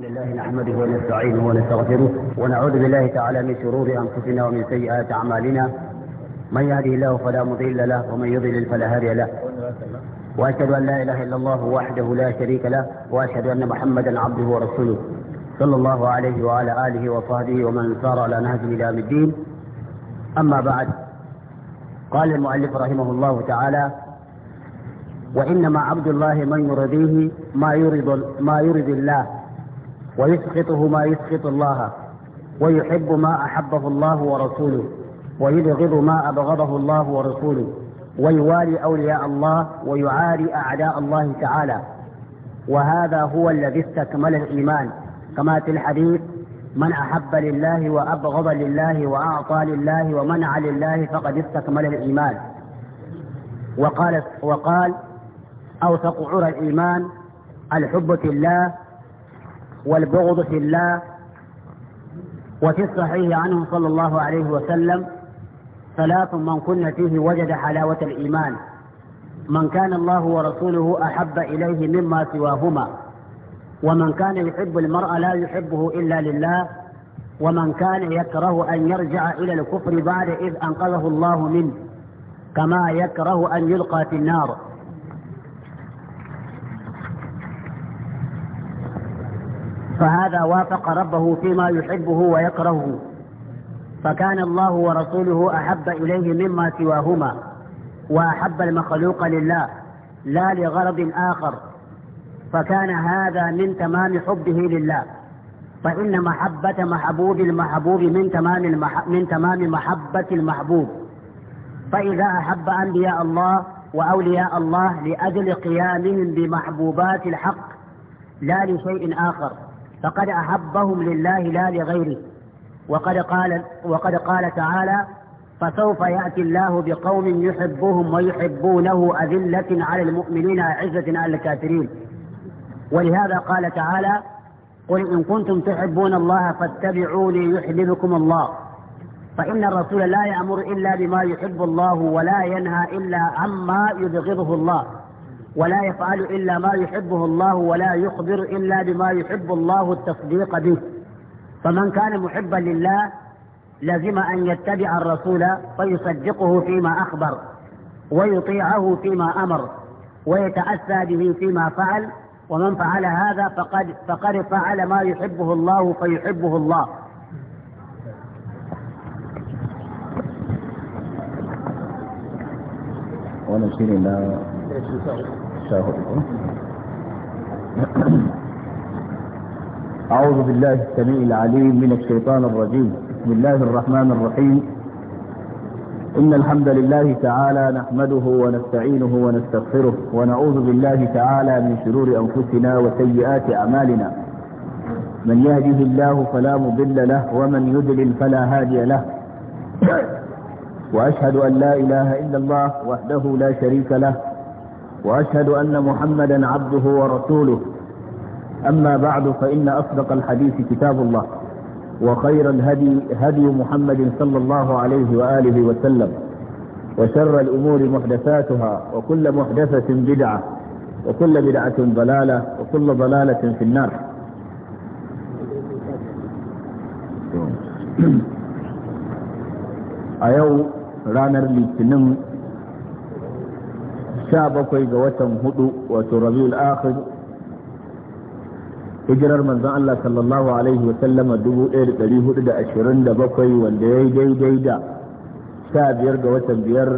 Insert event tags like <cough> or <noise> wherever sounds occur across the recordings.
الحمد لله نحمده ونستعينه ونستغفره ونعوذ بالله تعالى من شرور انفسنا ومن سيئات اعمالنا من يهده الله فلا مضل له ومن يضلل فلا هادي له واشهد ان لا اله الا الله وحده لا شريك له واشهد ان محمدا عبده ورسوله صلى الله عليه وعلى اله وصحبه ومن سار على نهجه الى يوم الدين اما بعد قال المؤلف رحمه الله تعالى وانما عبد الله من يرضيه ما يرضي ما يرضي الله ويسخطه ما يسخط الله ويحب ما أحبه الله ورسوله ويبغض ما أبغضه الله ورسوله ويوالي أولياء الله ويعاري أعداء الله تعالى وهذا هو الذي استكمل الإيمان كما في الحديث من أحب لله وأبغض لله وأعطى لله ومنع لله فقد استكمل الإيمان وقال وقال أوثق عرى الإيمان الحب في الله والبغض في الله وفي الصحيح عنه صلى الله عليه وسلم ثلاث من كن فيه وجد حلاوة الإيمان من كان الله ورسوله أحب إليه مما سواهما ومن كان يحب المرء لا يحبه إلا لله ومن كان يكره أن يرجع إلى الكفر بعد إذ أنقذه الله منه كما يكره أن يلقى في النار فهذا وافق ربه فيما يحبه ويكرهه فكان الله ورسوله أحب إليه مما سواهما وأحب المخلوق لله لا لغرض آخر فكان هذا من تمام حبه لله فإن محبة محبوب المحبوب من تمام المح... من تمام محبة المحبوب فإذا أحب أنبياء الله وأولياء الله لأجل قيامهم بمحبوبات الحق لا لشيء آخر فقد أحبهم لله لا لغيره وقد قال وقد قال تعالى فسوف يأتي الله بقوم يحبهم ويحبونه أذلة على المؤمنين عزة على الكافرين ولهذا قال تعالى قل إن كنتم تحبون الله فاتبعوني يحببكم الله فإن الرسول لا يأمر إلا بما يحب الله ولا ينهى إلا عما يبغضه الله ولا يفعل إلا ما يحبه الله ولا يخبر إلا بما يحب الله التصديق به فمن كان محبا لله لزم أن يتبع الرسول فيصدقه فيما أخبر ويطيعه فيما أمر ويتأسى به فيما فعل ومن فعل هذا فقد فقد فعل ما يحبه الله فيحبه الله ونشير إلى أعوذ بالله السميع العليم من الشيطان الرجيم بسم الله الرحمن الرحيم إن الحمد لله تعالى نحمده ونستعينه ونستغفره ونعوذ بالله تعالى من شرور أنفسنا وسيئات أعمالنا من يهده الله فلا مضل له ومن يدلل فلا هادي له وأشهد أن لا إله إلا الله وحده لا شريك له وأشهد أن محمدا عبده ورسوله أما بعد فإن أصدق الحديث كتاب الله وخير الهدي هدي محمد صلى الله عليه وآله وسلم وشر الأمور محدثاتها وكل محدثة بدعة وكل بدعة ضلالة وكل ضلالة في النار أيو <coughs> رانر ranar sha bakwai ga watan hudu wato rabiul akhir hijirar manzon Allah sallallahu alaihi wa sallama 1427 wanda ya yi daidai da sha biyar ga watan biyar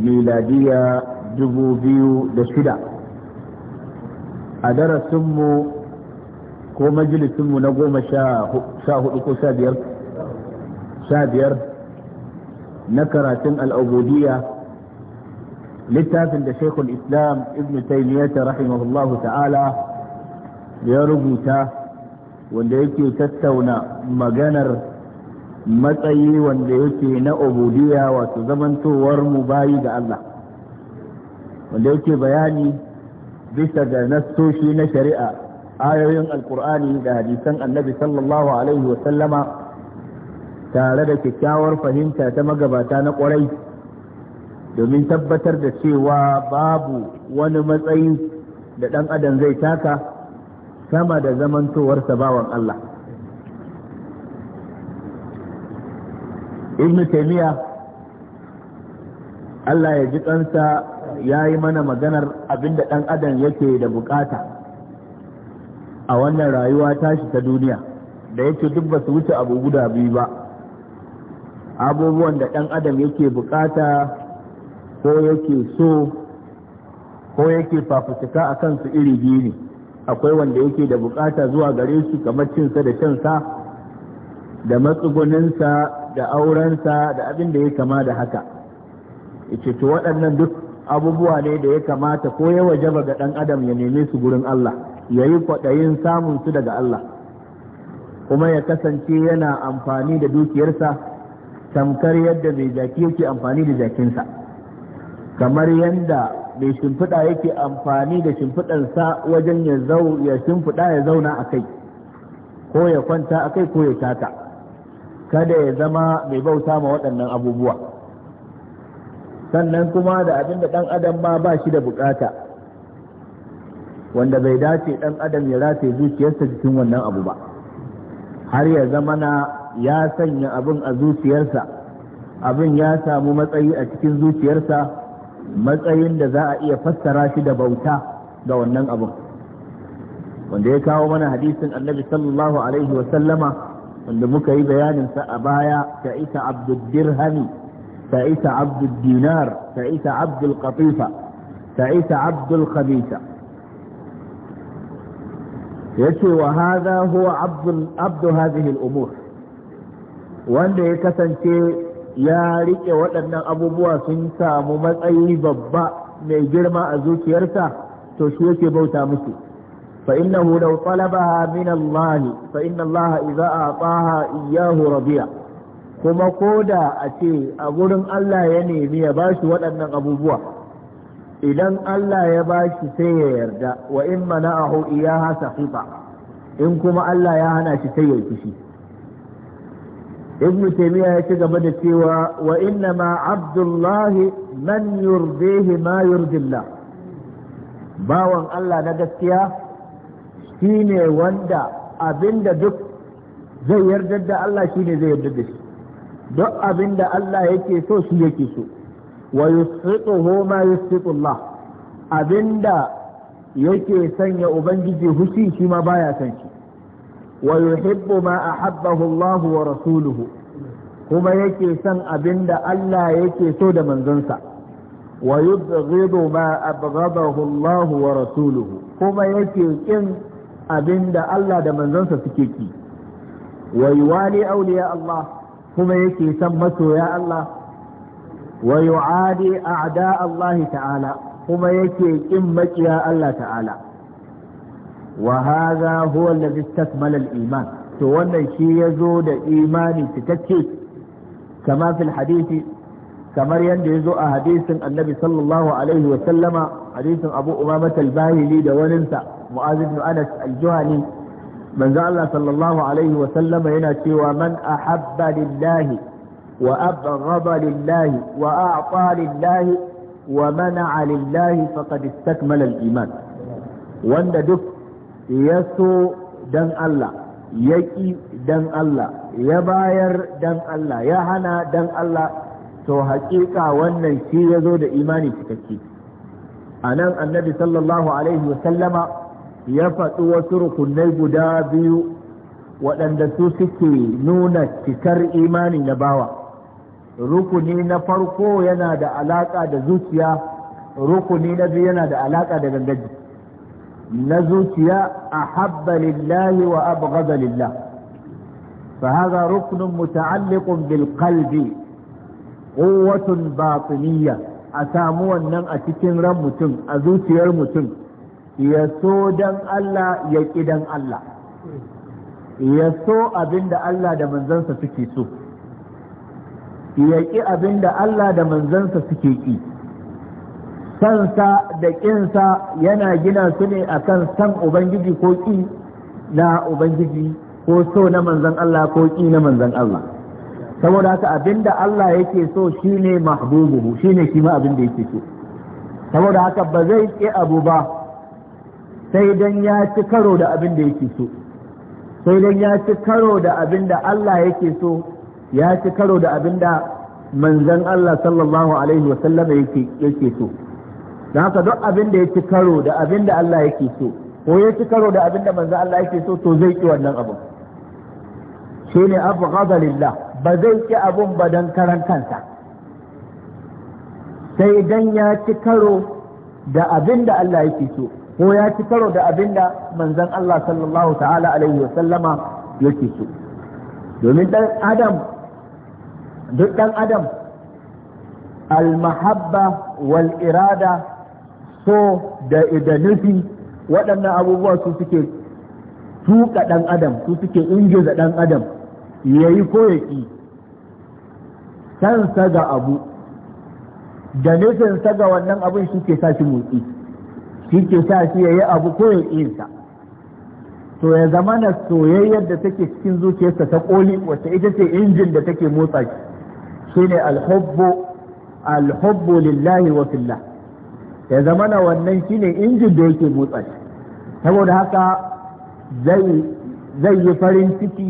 miladiya 2006 a darasinmu ko majalisinmu na goma sha hudu ko sha biyar na karatun al'ubudiyya littafin da shekul islam ibn taimiyyata rahimahullahu ta'ala ya rubuta wanda yake tattauna maganar matsayi wanda yake na obudiya wato zamantowar mu bayi ga Allah wanda yake bayani bisa ga nassoshi na shari'a ayoyin alkur'ani da hadisan annabi sallallahu alaihi tare da kyakkyawar fahimta ta magabata na kwarai domin tabbatar da cewa babu wani matsayi da ɗan adam zai taka sama da zamantowarsa bawan Allah ibn taymiya Allah ya ji ƙansa ya yi mana maganar abinda ɗan adam yake da bukata a wannan rayuwa tashi ta duniya da yake duk ba su wuce abu guda biyu ba abubuwan da ɗan adam yake bukata ko yake so ko yake fafutuka a kansu iri biyu ne akwai wanda yake da bukata zuwa gare su kamar cinsa da shansa da matsuguninsa da aurensa da abin da ya kama da haka ce waɗannan duk abubuwa ne da ya kamata ko ya wajaba ga ɗan adam ya neme su gurin Allah ya yi kwaɗayin samun su daga Allah kuma ya kasance yana amfani da dukiyarsa tamkar yadda mai jaki yake amfani da jakinsa kamar yadda mai shimfiɗa yake amfani da shimfiɗansa wajen ya zau shimfiɗa ya zauna a kai ko ya kwanta a kai ko ya taka kada ya zama mai bauta ma waɗannan abubuwa sannan kuma da abin da ɗan adam ma ba shi da bukata wanda bai dace ɗan adam ya rataye zuciyarsa cikin wannan abu ba har ya zama na ya sanya abin a zuciyarsa abin ya samu matsayi a cikin zuciyarsa matsayin da za a iya fassara shi da bauta ga wannan abun wanda ya kawo mana hadisin annabi sallallahu alaihi wa sallama wanda muka yi bayaninsa a baya ta isa abdul dirhami ta isa abdul dinar ta isa abdul qatifa ta isa abdul ya ce wa haza huwa abdul abdu hadhihi al-umur wanda ya kasance ya riƙe waɗannan abubuwa sun samu matsayi babba mai girma a zuciyarsa to shi yake bauta musu fa innahu law talabaha min Allah fa inna Allah idza ataha iyyahu radiya kuma koda a ce a gurin Allah ya nemi ya shi waɗannan abubuwa idan Allah ya bashi sai ya yarda wa in mana'ahu iyaha saqifa in kuma Allah ya hana shi sai ya kushi. ibn taymiya ya ci gaba da cewa wa inna ma abdullahi man yurdihi ma yurdillah bawan Allah na gaskiya shine wanda abinda duk zai yarda da Allah shine zai yarda da shi duk abinda Allah yake so shi yake so wa yusfiquhu ma yusfiqullah abinda yake sanya ubangiji hushi shi baya son shi wa yuhibbu ma ahabbahu Allah wa rasuluhu kuma yake son abinda Allah yake so da manzonsa wa yubghidu ma abghadahu Allah wa rasuluhu kuma yake kin abinda Allah da manzonsa suke ki wa yuwali awliya Allah kuma yake son masoya Allah wa yu'adi a'da Allah ta'ala kuma yake kin makiya Allah ta'ala wa hadha huwa alladhi istakmala iman to wannan shi zo da imani cikakke kama fil hadisi kamar yadda ya zo a hadisin annabi sallallahu alaihi wa sallama hadisin da waninsa mu'az ibn anas al-juhani manzo Allah sallallahu alaihi wa sallama yana cewa man ahabba lillahi wa abghada lillahi wa lillahi wa iman wanda duk ya so dan Allah ya ƙi dan Allah ya bayar dan Allah ya hana dan Allah to haƙiƙa wannan shi ya zo da imani cikakke a nan annabi sallallahu alaihi wasallama ya faɗi wasu rukunai guda biyu waɗanda su suke nuna cikar imani na bawa rukuni na farko yana da alaƙa da zuciya rukuni na biyu yana da alaƙa da gangaji na zuciya a habba lillahi wa abgaza lillah fa hada ruknun bilkalbi, bil qalbi quwwatun a samu wannan a cikin ran mutum a zuciyar mutum ya so dan Allah ya kidan Allah ya so abinda Allah da manzansa suke so ya ki abinda Allah da manzansa suke yi sansa da ƙinsa yana gina su ne akan san ubangiji ko ƙi na ubangiji ko so na manzan Allah ko ƙi na manzan Allah saboda haka abinda Allah yake so shine ne shine shi ma abin da yake so saboda haka ba zai ƙi abu ba sai don ya ci karo da abin da yake so sai don ya ci karo da abin da Allah yake so ya ci karo da abin da manzan Allah sallallahu alaihi wasallam yake so don haka duk abin da ya ci karo da abin da Allah yake so ko ya ci karo da abin da manzo Allah yake so to zai ki wannan abin shine abghadha lillah ba zai ki abun ba don karan kansa sai idan ya ci karo da abin da Allah yake so ko ya ci karo da abin da manzon Allah sallallahu ta'ala alaihi wa sallama yake so domin dan adam duk dan adam al-mahabba wal irada so da nufi waɗannan abubuwa su suke tuka ɗan adam su suke ingiza ɗan adam ya yi koyaki ya sansa ga abu da nufin ga wannan abin shi ke sa shi motsi shi ke sa shi ya yi abu ko ya to ya zama na soyayyar da take cikin zuciyarsa ta koli wacce ita ce injin da take motsa shi shine alhubbu alhubbu lillahi wa fillah ya zama na wannan shi ne injin da yake motsa shi saboda haka zai yi farin ciki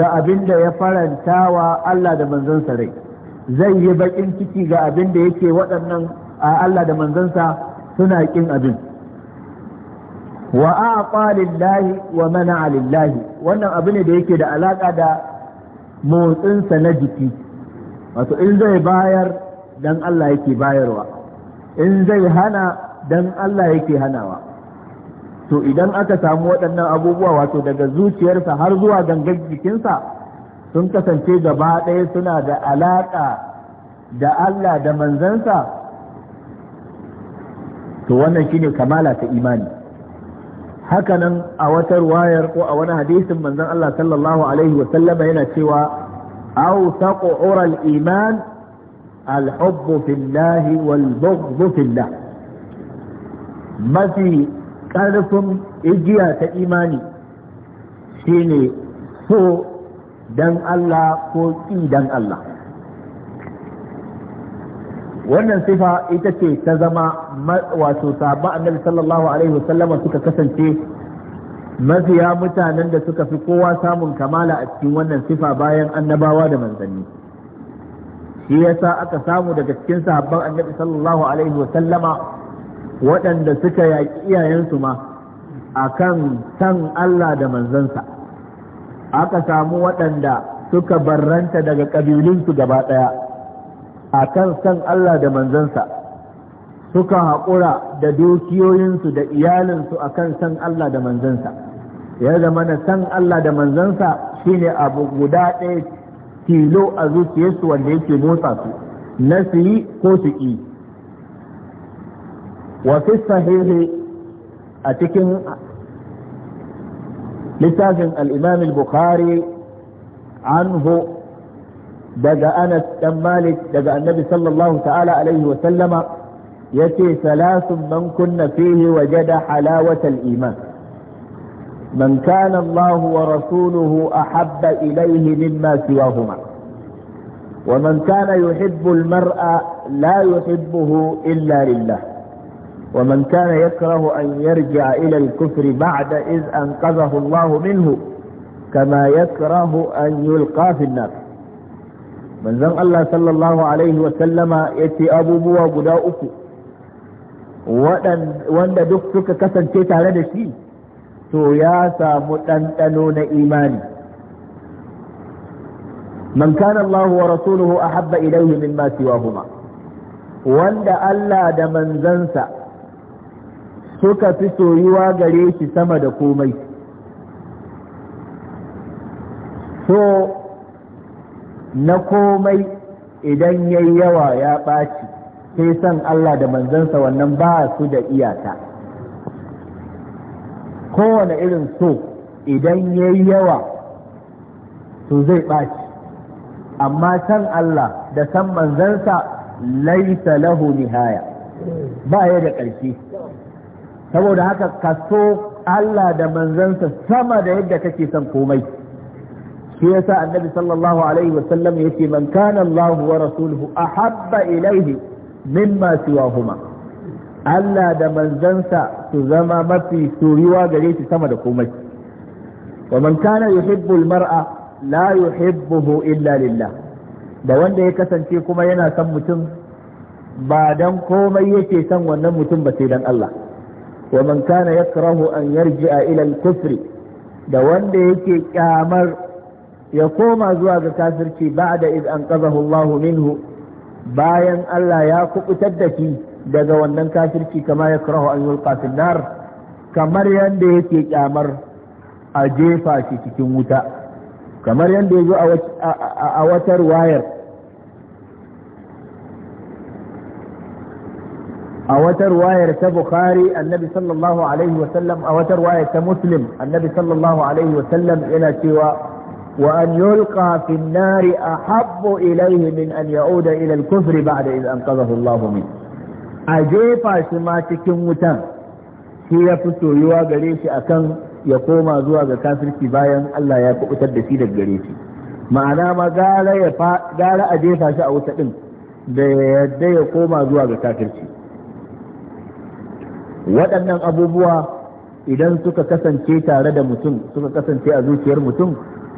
ga abin da ya faranta wa Allah da manzansa rai zai yi baƙin ciki ga abin da yake waɗannan a Allah da manzansa suna ƙin abin wa aqa lillahi wa mana lillahi wannan abu ne da yake da alaƙa da motsinsa na jiki wato in zai bayar dan Allah yake bayarwa in zai hana dan Allah yake hanawa to idan aka samu waɗannan abubuwa wato daga zuciyarsa har zuwa gangan jikinsa sun kasance gaba ɗaya suna da alaƙa da Allah da manzansa to wannan shine kamala ta imani hakanan a wata ruwayar ko a wani hadisin manzan Allah sallallahu alaihi wa yana cewa au taqura iman alhubbu fillahi wal bughdu fillah mafi ƙarfin igiya ta imani shine so dan Allah ko ƙi dan Allah wannan sifa ita ce ta zama wato sabon annabi sallallahu alaihi wasallama suka kasance mafiya mutanen da suka fi kowa samun kamala a cikin wannan sifa bayan annabawa da manzanni shi yasa aka samu daga cikin sahabban annabi sallallahu alaihi wa sallama waɗanda suka yaƙi iyayensu ma akan san Allah da manzansa aka samu waɗanda suka barranta daga ƙabilunsu gaba ɗaya akan san Allah da manzansa suka haƙura da dukiyoyinsu da iyalinsu akan san Allah da manzansa ya zama san Allah da manzansa shine abu guda ɗaya tilo a zuciyarsu wanda yake motsa su na su yi ko su ƙi wasu sahihi a cikin littafin al'imam al-bukhari anhu daga anas dan malik daga annabi sallallahu ta'ala alaihi wa sallama yace salasun man kunna fihi wajada halawatal iman من كان الله ورسوله أحب إليه مما سواهما ومن كان يحب المرأة لا يحبه إلا لله ومن كان يكره أن يرجع إلى الكفر بعد إذ أنقذه الله منه كما يكره أن يلقى في النار من زم الله صلى الله عليه وسلم يتي أبو بوا قداؤك وأن دك سكة كسن تيت على دشيه to ya samu ɗanɗano na imani man kana Allah wa rasuluhu ahabba ilaihi mimma siwahuma wanda Allah da manzansa suka fi soyuwa gare shi sama da komai so na komai idan yayi yawa ya ɓaci sai san Allah da manzansa wannan ba su da iyaka kowane irin so idan ya yi yawa to zai ɓaci amma san Allah da san manzansa laisa lahu nihaya ba ya da ƙarshe saboda haka ka so Allah da manzansa sama da yadda kake son komai shi yasa annabi sallallahu alaihi wasallam yace man kana Allah wa rasuluhu ahabba ilaihi mimma siwahuma Allah da manzansa su zama mafi soyuwa gare shi sama da komai wa man kana yuhibbu mara la yuhibbuhu illa lillah da wanda ya kasance kuma yana son mutum ba dan komai yake son wannan mutum ba sai dan Allah wa man kana yakrahu an yarji'a ila al-kufri da wanda yake kyamar ya koma zuwa ga kafirci ba'da iz an Allahu minhu bayan Allah ya kubutar da shi daga wannan kafirci kama ya karahu an yulqa fil nar kamar yanda yake kyamar a jefa shi cikin wuta kamar yanda yazo a watar wayar a watar wayar ta bukhari annabi sallallahu alaihi wa sallam a watar wayar ta muslim annabi sallallahu alaihi wa sallam yana cewa wa وأن يلقى في النار أحب إليه من أن يعود إلى kufri بعد إذ أنقذه الله منه a jefa shi ma cikin wutan shi ya fi soyuwa gare shi akan ya koma zuwa ga kafirci bayan Allah ya kubutar da shi daga gare shi ma'ana ma gara a jefa shi a wuta din da yadda ya koma zuwa ga kafirci waɗannan abubuwa idan suka kasance tare da mutum suka kasance a zuciyar mutum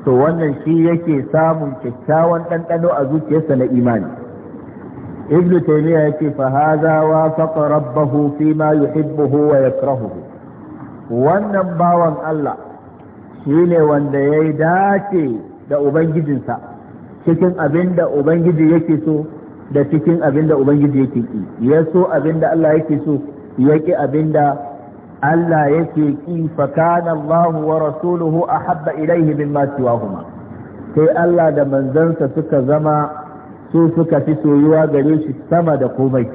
to wannan shi yake samun kyakkyawan ɗanɗano a zuciyarsa na imani ibn taymiya yake fa hadha wa faqa rabbahu fi ma yuhibbuhu wa yakrahuhu wannan bawan Allah shine wanda yayi dace da ubangijinsa cikin abin da ubangiji yake so da cikin abin da ubangiji yake ki ya so abin da Allah yake so ya ki abin da Allah yake ki fa kana Allah wa rasuluhu ahabba ilayhi mimma siwahuma sai Allah da manzansa suka zama su suka fi soyuwa gare shi sama da komai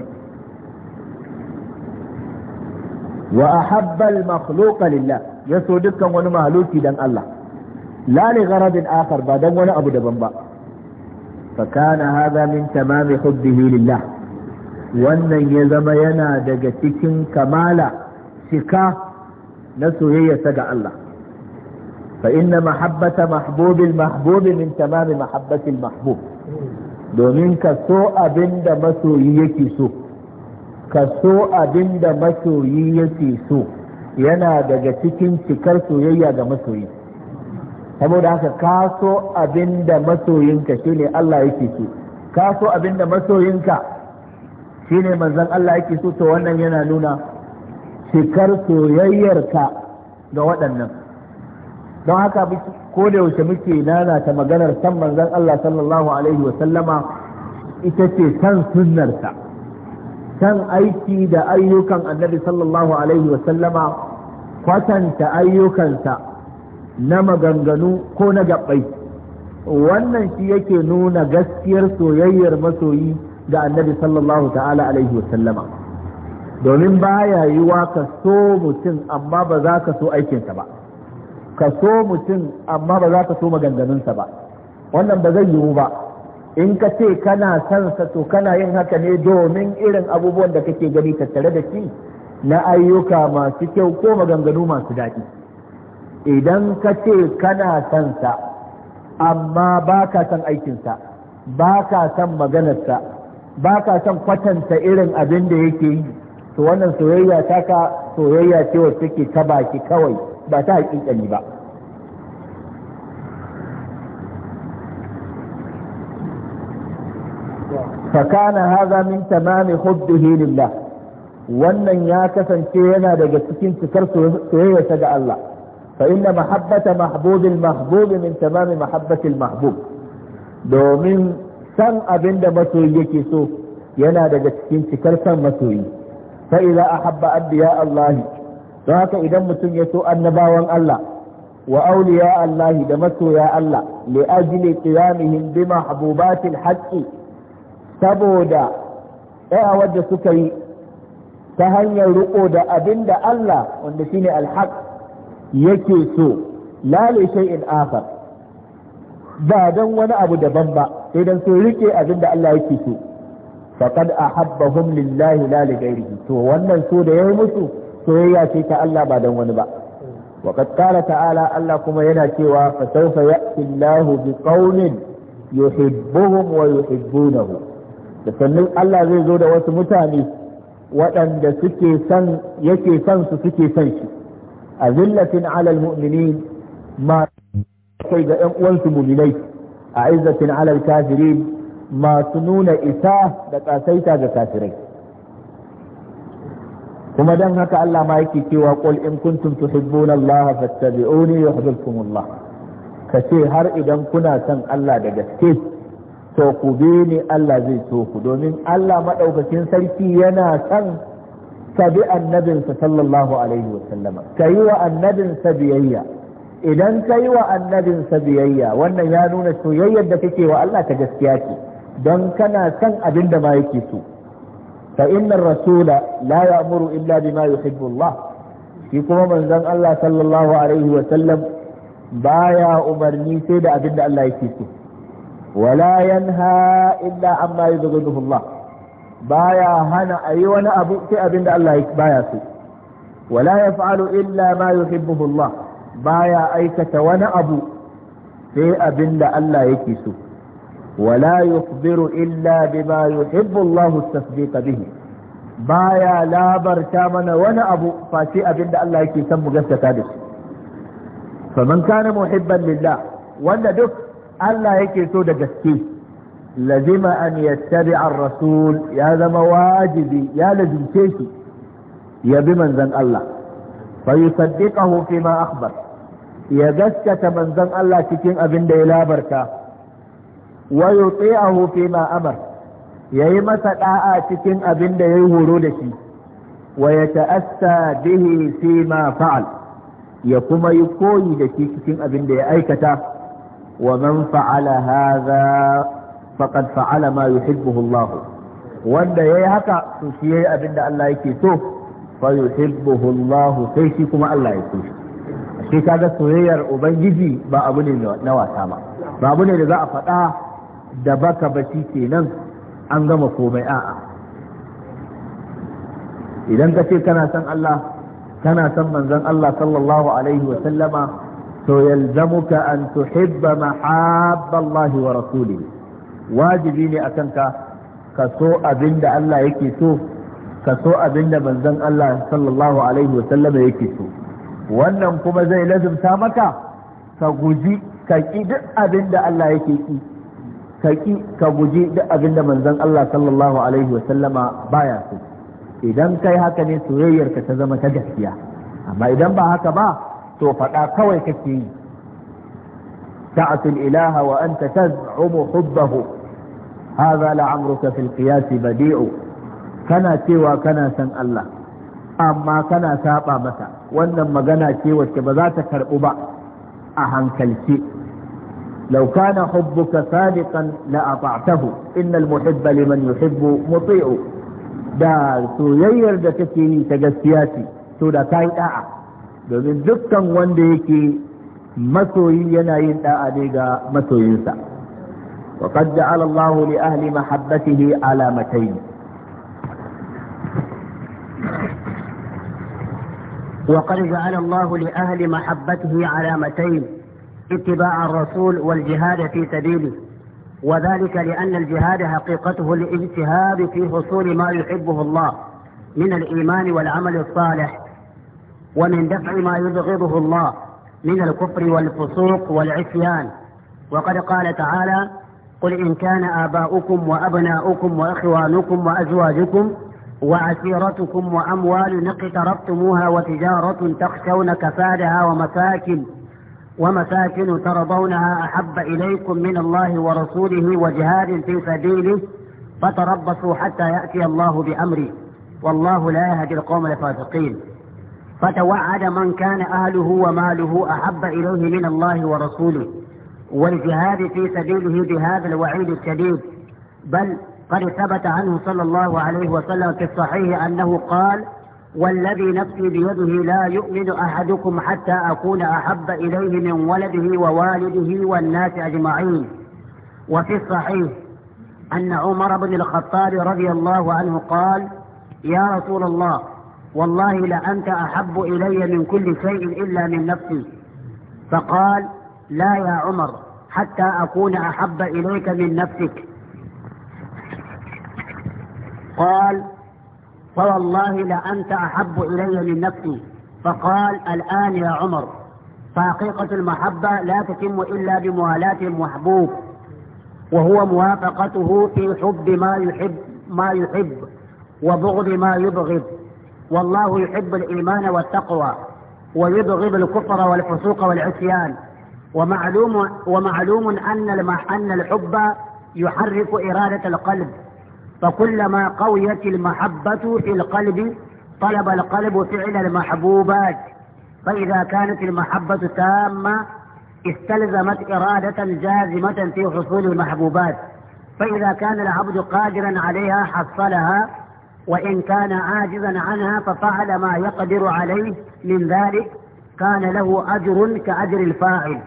wa ahabbal makhluqa lillah ya so dukkan wani mahaluki dan Allah la li gharadin akhar ba dan wani abu daban ba fa kana hadha min tamam hubbihi lillah wannan ya zama yana daga cikin kamala shika na soyayyarsa ga Allah fa inna mahabbata mahbubil mahbub min tamam mahabbatil mahbub domin ka so abin da masoyi yake so ka so abin da masoyi yake so yana daga cikin cikar soyayya ga masoyi saboda haka ka so abin da masoyinka shine Allah yake so ka so abin da masoyinka shine manzon Allah yake so to wannan yana nuna cikar soyayyarka ga waɗannan don haka ko da yaushe muke lalata maganar san manzon Allah sallallahu alaihi wa sallama ita ce san sunnarsa san aiki da ayyukan annabi sallallahu alaihi wa sallama kwatanta ayyukansa na maganganu ko na gabbai wannan shi yake nuna gaskiyar soyayyar masoyi ga annabi sallallahu ta'ala alaihi wasallama domin baya yiwa ka so mutum amma ba za ka so aikinsa ba ka so mutum amma ba za ka so maganganunsa ba wannan ba zai yiwu ba in ka ce kana son sa to kana yin haka ne domin irin abubuwan da kake gani tattare da shi na ayyuka masu kyau ko maganganu masu daɗi idan ka ce kana son sa amma ba ka son aikinsa ba ka son maganarsa ba ka son kwatanta irin abin da yake yi to wannan soyayya taka soyayya ce wacce take ta baki kawai ba ta haƙiƙani ba فكان هذا من تمام حبه لله wannan ya kasance yana daga cikin cikar soyayyarsa ga Allah fa inna mahabbata mahbubil mahbub min tamam mahabbatil mahbub domin san abin da masoyi yake so yana daga cikin cikar san masoyi fa idza ahabba abdiya Allah don haka idan mutum ya so annabawan Allah wa auliya Allah da masoya Allah li ajli qiyamihim bi mahbubatil haqqi saboda tsayawar da suka yi ta hanyar riko da abinda Allah wanda shine alhaq yake so la li shay'in akhar ba dan wani abu daban ba sai dan so rike abin da Allah yake so faqad ahabbahum lillahi la li ghairihi to wannan so da yayi musu soyayya ce ta Allah ba dan wani ba wa qad qala ta'ala Allah kuma yana cewa fa sawfa ya'ti Allahu bi qaumin yuhibbuhum wa yuhibbunahu da sannan Allah zai zo da wasu mutane waɗanda suke yake san suke san shi azillatin 'ala al-mu'minin ma kai ga 'yan uwansu mu'minai a izzatin 'ala al-kafirin masu nuna isa da kasaita da kafirai kuma dan haka Allah ma yake cewa qul in kuntum tuhibbuna Allah fattabi'uni yuhibbukumullah kace har idan kuna son Allah da gaske to ku bi ni Allah zai so ku domin Allah madaukakin sarki yana son ka bi annabinsa sallallahu alaihi wa sallama kayi wa sa biyayya idan kayi wa annabinsa biyayya wannan ya nuna soyayyar da kake wa Allah ta gaskiya ce don kana son abin da ma yake so فإن الرسول لا يأمر إلا بما يحب الله shi kuma manzon Allah sallallahu alaihi wa sallam baya umarni sai da abin da Allah yake so wala yanha illa amma yubghiduhu Allah baya hana ayi wani abu sai abin Allah baya so wala yaf'alu illa ma yuhibbuhu Allah baya aikata wani abu sai abinda Allah yake so ولا يخبر إلا بما يحب الله التصديق به baya labarta mana wani abu face abin da Allah yake san mu gaskata da shi faman kana muhibban lillah wanda duk Allah yake so da gaske lazima an yattabi ar-rasul ya zama wajibi ya lazimce shi ya bi manzon Allah fa yusaddiqahu fi ma akhbar ya gaskata manzon Allah cikin abin da ya labarta wa yuti'ahu fi ma amar yayi masa da'a cikin abin da yayi horo da shi wa yata'assa bihi fi ma fa'al ya kuma yi koyi da shi cikin abin da ya aikata wa man fa'ala hadha faqad fa'ala ma yuhibbuhu Allah wanda yayi haka to shi yayi abin da Allah yake so fa yuhibbuhu Allah sai shi kuma Allah ya so shi kaga soyayyar ubangiji ba abu ne na wasa ba ba abu ne da za a faɗa da baka baci kenan an gama komai a'a idan ka ce kana san Allah kana san manzon Allah sallallahu alaihi wa sallama to yalzamuka an tuhibba mahabba Allah wa rasulihi wajibi ne a kanka, ka so abinda Allah yake so ka so abinda manzon Allah sallallahu alaihi wa sallama yake so wannan kuma zai lazimta maka ka guji ka ki duk abinda Allah yake ki. kaki ka guji duk abin da manzon Allah sallallahu alaihi wa sallama baya so idan kai haka ne soyayyarka ta zama ta gaskiya amma idan ba haka ba to faɗa kawai kake yi ta'atul ilaha wa anta taz'umu hubbahu hadha la'amruka fil qiyas badi'u kana cewa kana san Allah amma kana saba masa wannan magana ce wacce ba za ta karɓu ba a hankalce لو كان حبك سابقا لأطعته إن المحب لمن يحب مطيع دار سيير دكتيني تجسياتي سودا كاي داعا دون ذكا وانديك مسوي ينين داعا ديقا مسوي ينسى وقد جعل الله لأهل محبته علامتين وقد جعل الله لأهل محبته علامتين اتباع الرسول والجهاد في سبيله وذلك لأن الجهاد حقيقته الاجتهاد في حصول ما يحبه الله من الإيمان والعمل الصالح ومن دفع ما يبغضه الله من الكفر والفسوق والعصيان وقد قال تعالى قل إن كان آباؤكم وأبناؤكم وإخوانكم وأزواجكم وعشيرتكم وأموال اقترفتموها وتجارة تخشون كفادها ومساكن ومساكن ترضونها أحب إليكم من الله ورسوله وجهاد في سبيله فتربصوا حتى يأتي الله بأمره والله لا يهدي القوم الفاسقين فتوعد من كان أهله وماله أحب إليه من الله ورسوله والجهاد في سبيله بهذا الوعيد الشديد بل قد ثبت عنه صلى الله عليه وسلم في الصحيح أنه قال والذي نفسي بيده لا يؤمن أحدكم حتى أكون أحب إليه من ولده ووالده والناس أجمعين وفي الصحيح أن عمر بن الخطاب رضي الله عنه قال يا رسول الله والله لأنت أحب إلي من كل شيء إلا من نفسي فقال لا يا عمر حتى أكون أحب إليك من نفسك قال فوالله لأنت أحب إلي من نفسي فقال الآن يا عمر فحقيقة المحبة لا تتم إلا بموالاة المحبوب وهو موافقته في حب ما يحب ما يحب وبغض ما يبغض والله يحب الإيمان والتقوى ويبغض الكفر والفسوق والعصيان ومعلوم ومعلوم أن أن الحب يحرك إرادة القلب فكلما قويت المحبة في القلب طلب القلب فعل المحبوبات فإذا كانت المحبة تامة استلزمت إرادة جازمة في حصول المحبوبات فإذا كان العبد قادرا عليها حصلها وإن كان عاجزا عنها ففعل ما يقدر عليه من ذلك كان له أجر كأجر الفاعل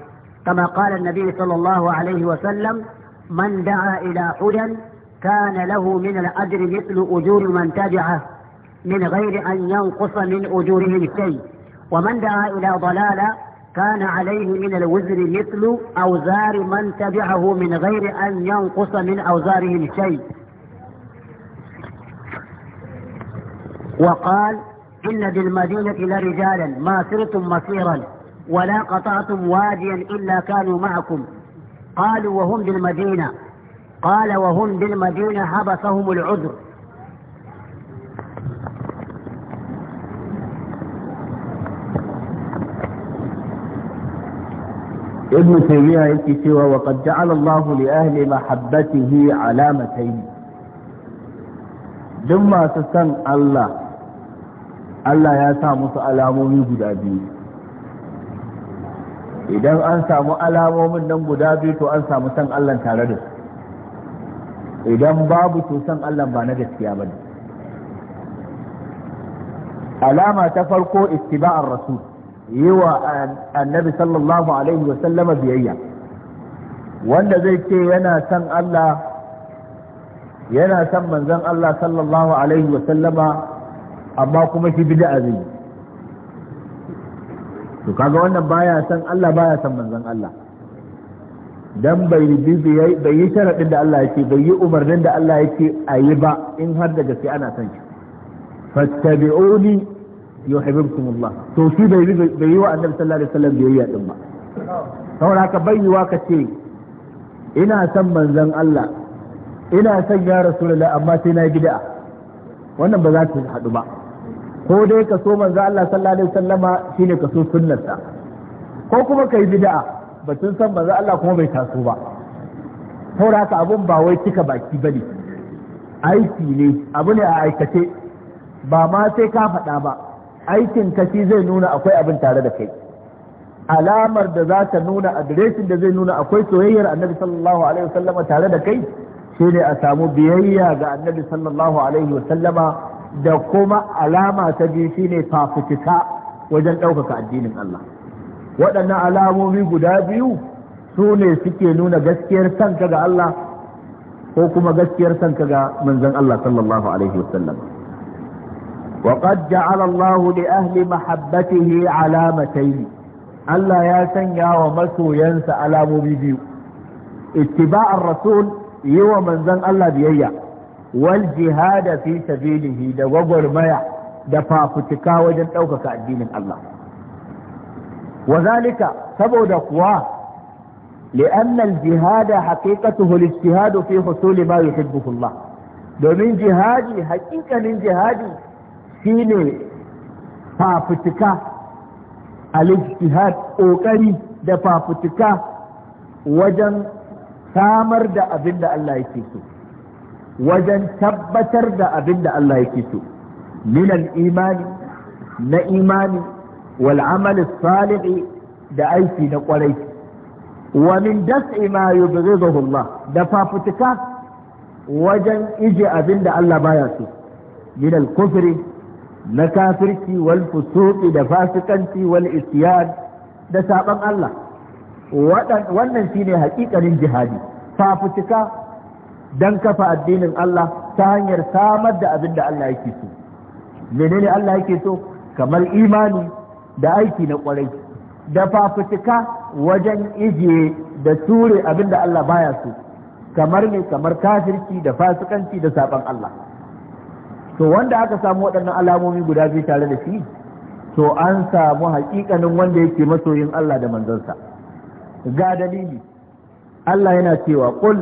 كما قال النبي صلى الله عليه وسلم من دعا إلى حدى كان له من الأجر مثل أجور من تبعه من غير أن ينقص من أجورهم شيء ومن دعا إلى ضلالة كان عليه من الوزر مثل أوزار من تبعه من غير أن ينقص من أوزارهم شيء وقال إن بالمدينة لرجالا ما سرتم مصيرا ولا قطعتم واديا إلا كانوا معكم قالوا وهم بالمدينة قال وهم بالمدينة حبسهم العذر ابن تيمية يكي سوى وقد جعل الله لأهل محبته علامتين جمع تسن الله الله يا سامو سألامو من أبيه إذا أنسى مؤلامو من nan guda biyu to الله samu idan babu to Allah ba na gaskiya ba alama ta farko istiba'ar rasul yi wa annabi sallallahu alaihi wa sallama biyayya wanda zai ce yana san Allah yana san manzon Allah sallallahu alaihi wa sallama amma kuma shi bid'a zai to kaga wannan baya san Allah baya san manzan Allah dan bai yi sharaɗin da Allah ya ce bai yi umarnin da Allah ya ce a yi ba in har da gaske ana son shi fattabi'uni yuhibbukumullah to shi bai bai yi wa annabi sallallahu alaihi wasallam biyayya din ba saboda haka bai yi wa ka ce ina son manzon Allah ina son ya rasulullah amma sai na gida wannan ba za ta haɗu ba ko dai ka so manzon Allah sallallahu alaihi wasallama shine ka so sunnarsa ko kuma kai bid'a batun san manzo Allah kuma bai taso ba saboda haka abun ba wai cika baki bane aiki ne abu ne a aikace ba ma sai ka faɗa ba aikin ka shi zai nuna akwai abin tare da kai alamar da za ta nuna adireshin da zai nuna akwai soyayyar annabi sallallahu alaihi wasallama tare da kai shine a samu biyayya ga annabi sallallahu alaihi wasallama da kuma alama ta biyu shine fafutuka wajen ɗaukaka addinin Allah waɗannan alamomi guda biyu sune suke nuna gaskiyar kanka ga Allah ko kuma gaskiyar kanka ga manzon Allah sallallahu alaihi wasallam wa qad ja'ala Allah li ahli mahabbatihi alamatayn Allah ya sanya wa masoyansa alamomi biyu ittiba'ar rasul yiwa manzon Allah biyayya wal jihada fi sabilihi da gwagwarmaya da fafutuka wajen ɗaukaka addinin Allah وذلك سبود قواه لأن الجهاد حقيقته الاجتهاد في حصول ما يحبه الله domin jihadi hakikanin jihadi shine fafutuka al-ijtihad kokari da fafutuka wajen samar da abin da Allah yake so wajen tabbatar da abin da Allah yake so min imani na imani wal amal da aiki na kwarai wa min das'i ma yubghidahu Allah da fafutuka wajen ije abin Allah baya so min al kufri na kafirci wal fusuqi da fasikanci wal isyan da saban Allah wannan shine hakikanin jihadi fafutuka dan kafa addinin Allah ta hanyar samar da abinda da Allah yake so menene Allah yake so kamar imani da aiki na kwarai da fafutuka wajen ijiye da ture abin Allah baya so kamar ne kamar kafirci da fasikanci da saban Allah to wanda aka samu waɗannan alamomi guda biyu tare da shi to an samu haƙiƙanin wanda yake masoyin Allah da manzansa ga dalili Allah yana cewa kul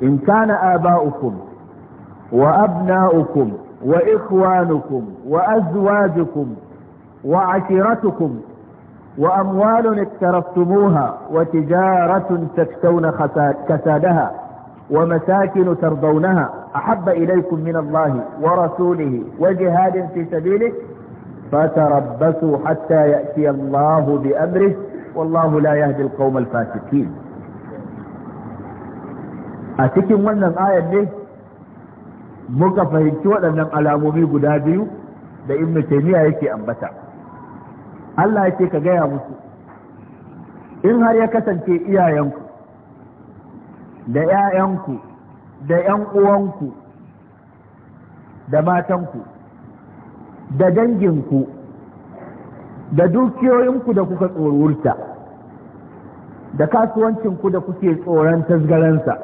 in kana aba'ukum wa abna'ukum wa ikhwanukum wa azwajukum وعشيرتكم وأموال اقترفتموها وتجارة تكتون كسادها ومساكن ترضونها أحب إليكم من الله ورسوله وجهاد في سبيله فتربصوا حتى يأتي الله بأمره والله لا يهدي القوم الفاسقين أتكم من الآية دي muka fahimci waɗannan alamomi guda biyu da ibnu taymiya yake ambata Allah ya ce ka gaya musu in har ya kasance iyayenku da ‘ya'yanku da ‘yan uwanku da matanku da danginku da dukiyoyinku da kuka tsorurta da kasuwancinku da kuke tsoron tasgaransa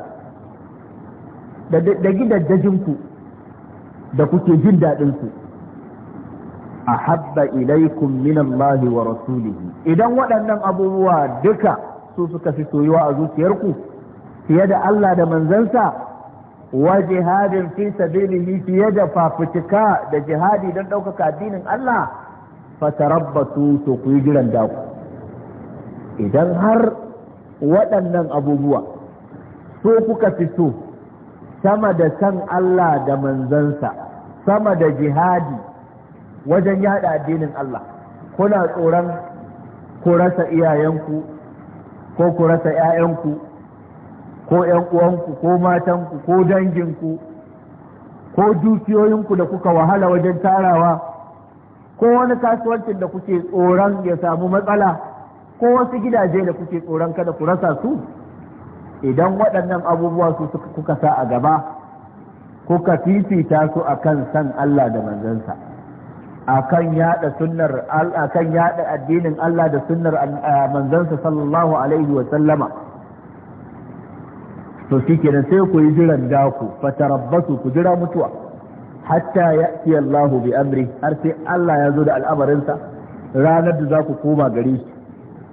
da gidajenku da kuke jin daɗinsu habba ilaikum minallahi wa rasulihi idan waɗannan abubuwa duka su suka fi soyuwa a zuciyarku fiye da Allah da manzansa wa jihadin fi sabilihi fiye da fafutuka da jihadi don ɗaukaka addinin Allah fatarabbatu to ku yi jiran daku idan har waɗannan abubuwa so kuka fi so sama da san Allah da manzansa sama da jihadi wajen yada addinin Allah kuna tsoron ku rasa iyayenku ko ku rasa 'ya'yanku ko 'yan uwanku ko matanku ko danginku ko dukiyoyinku da kuka wahala wajen tarawa ko wani kasuwancin da kuke tsoron ya samu matsala ko wasu gidaje da kuke tsoron kada ku rasa su idan waɗannan abubuwa su kuka sa a gaba kuka fifita su akan san Allah da manzansa akan yada sunnar akan yada addinin Allah da sunnar manzansa sallallahu alaihi wa sallama to sai ku yi jiran daku fatarabbasu ku jira mutuwa hatta ya'ti Allah bi amri har sai Allah ya zo da al'amarinsa ranar da za ku koma gari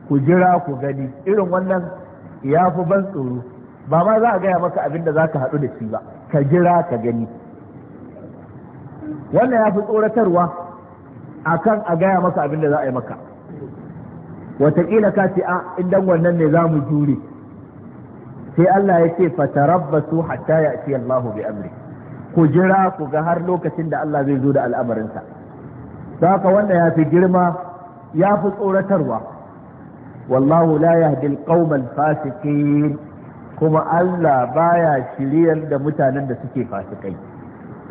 ku jira ku gani irin wannan ya fi ban tsoro ba ma za a gaya maka abin da za ka haɗu da shi ba ka jira ka gani wannan ya fi tsoratarwa akan a gaya maka abin da za a yi maka watakila ka ce a ah, idan wannan ne za mu jure sai Allah ya ce fatarabbasu hatta ce Allahu bi amri ku jira ku ga har lokacin da Allah zai zo da al'amarinsa saka wanda ya fi girma ya fi tsoratarwa wallahu la yahdi al fasiqin kuma Allah baya shiryar da mutanen da suke fasikai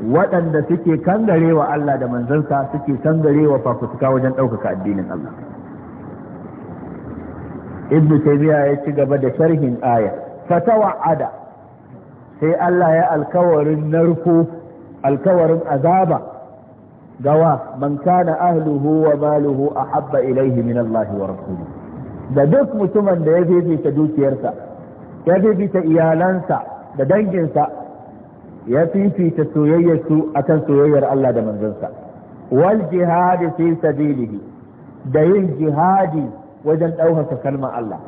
waɗanda suke kangarewa Allah da manzansa suke wa fafutuka wajen ɗaukaka addinin Allah ibn taymiya ya ci gaba da sharhin aya ada, sai Allah ya alkawarin narko alkawarin azaba gawa man kana ahluhu wa maluhu habba ilaihi min Allah wa rasuluhu da duk mutumin da ya fifita dukiyarsa ya fifita iyalansa da danginsa ya fifita soyayyar su akan soyayyar Allah da manzansa wal jihadi fi sabilihi da yin jihadi wajen ɗaukaka kalmar Allah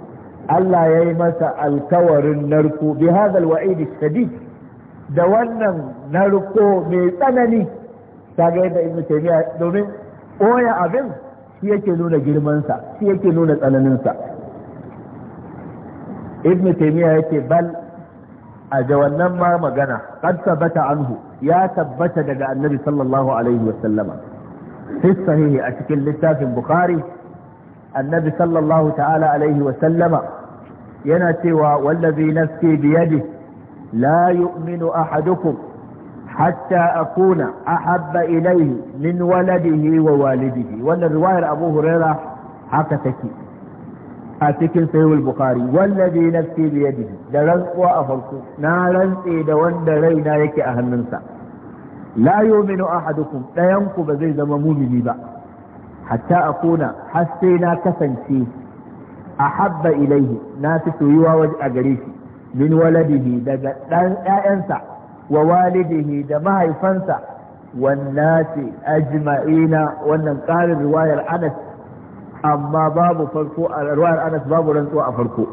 Allah ya yi masa alkawarin narko bi hadha alwa'id shadid da wannan narko mai tsanani kaga yadda ibnu taymiya domin oya abin shi yake nuna girmansa shi yake nuna tsananinsa ibnu taymiya yake bal a da wannan ma magana qad tabbata anhu ya tabbata daga annabi sallallahu alaihi fi sahihi a cikin littafin bukhari annabi sallallahu ta'ala alaihi wasallama yana cewa wallazi nafsi biyadi la yu'minu ahadukum حتى أكون أحب إليه من ولده ووالده riwayar abu huraira haka take a cikin sahihul bukhari wallazi nafsi bi yadihi da rantsuwa a farko na rantse da wanda raina yake a hannunsa la yu'minu ahadukum dayan ku ba zai zama mumini ba hatta akuna har sai na kasance ahabba ilaihi na fi soyuwa a gare shi min waladihi daga dan ƴaƴansa wa walidihi da mahaifansa wannan ajma'ina wannan ƙarin riwayar anas amma babu farko a ruwayar anas babu rantsuwa a farko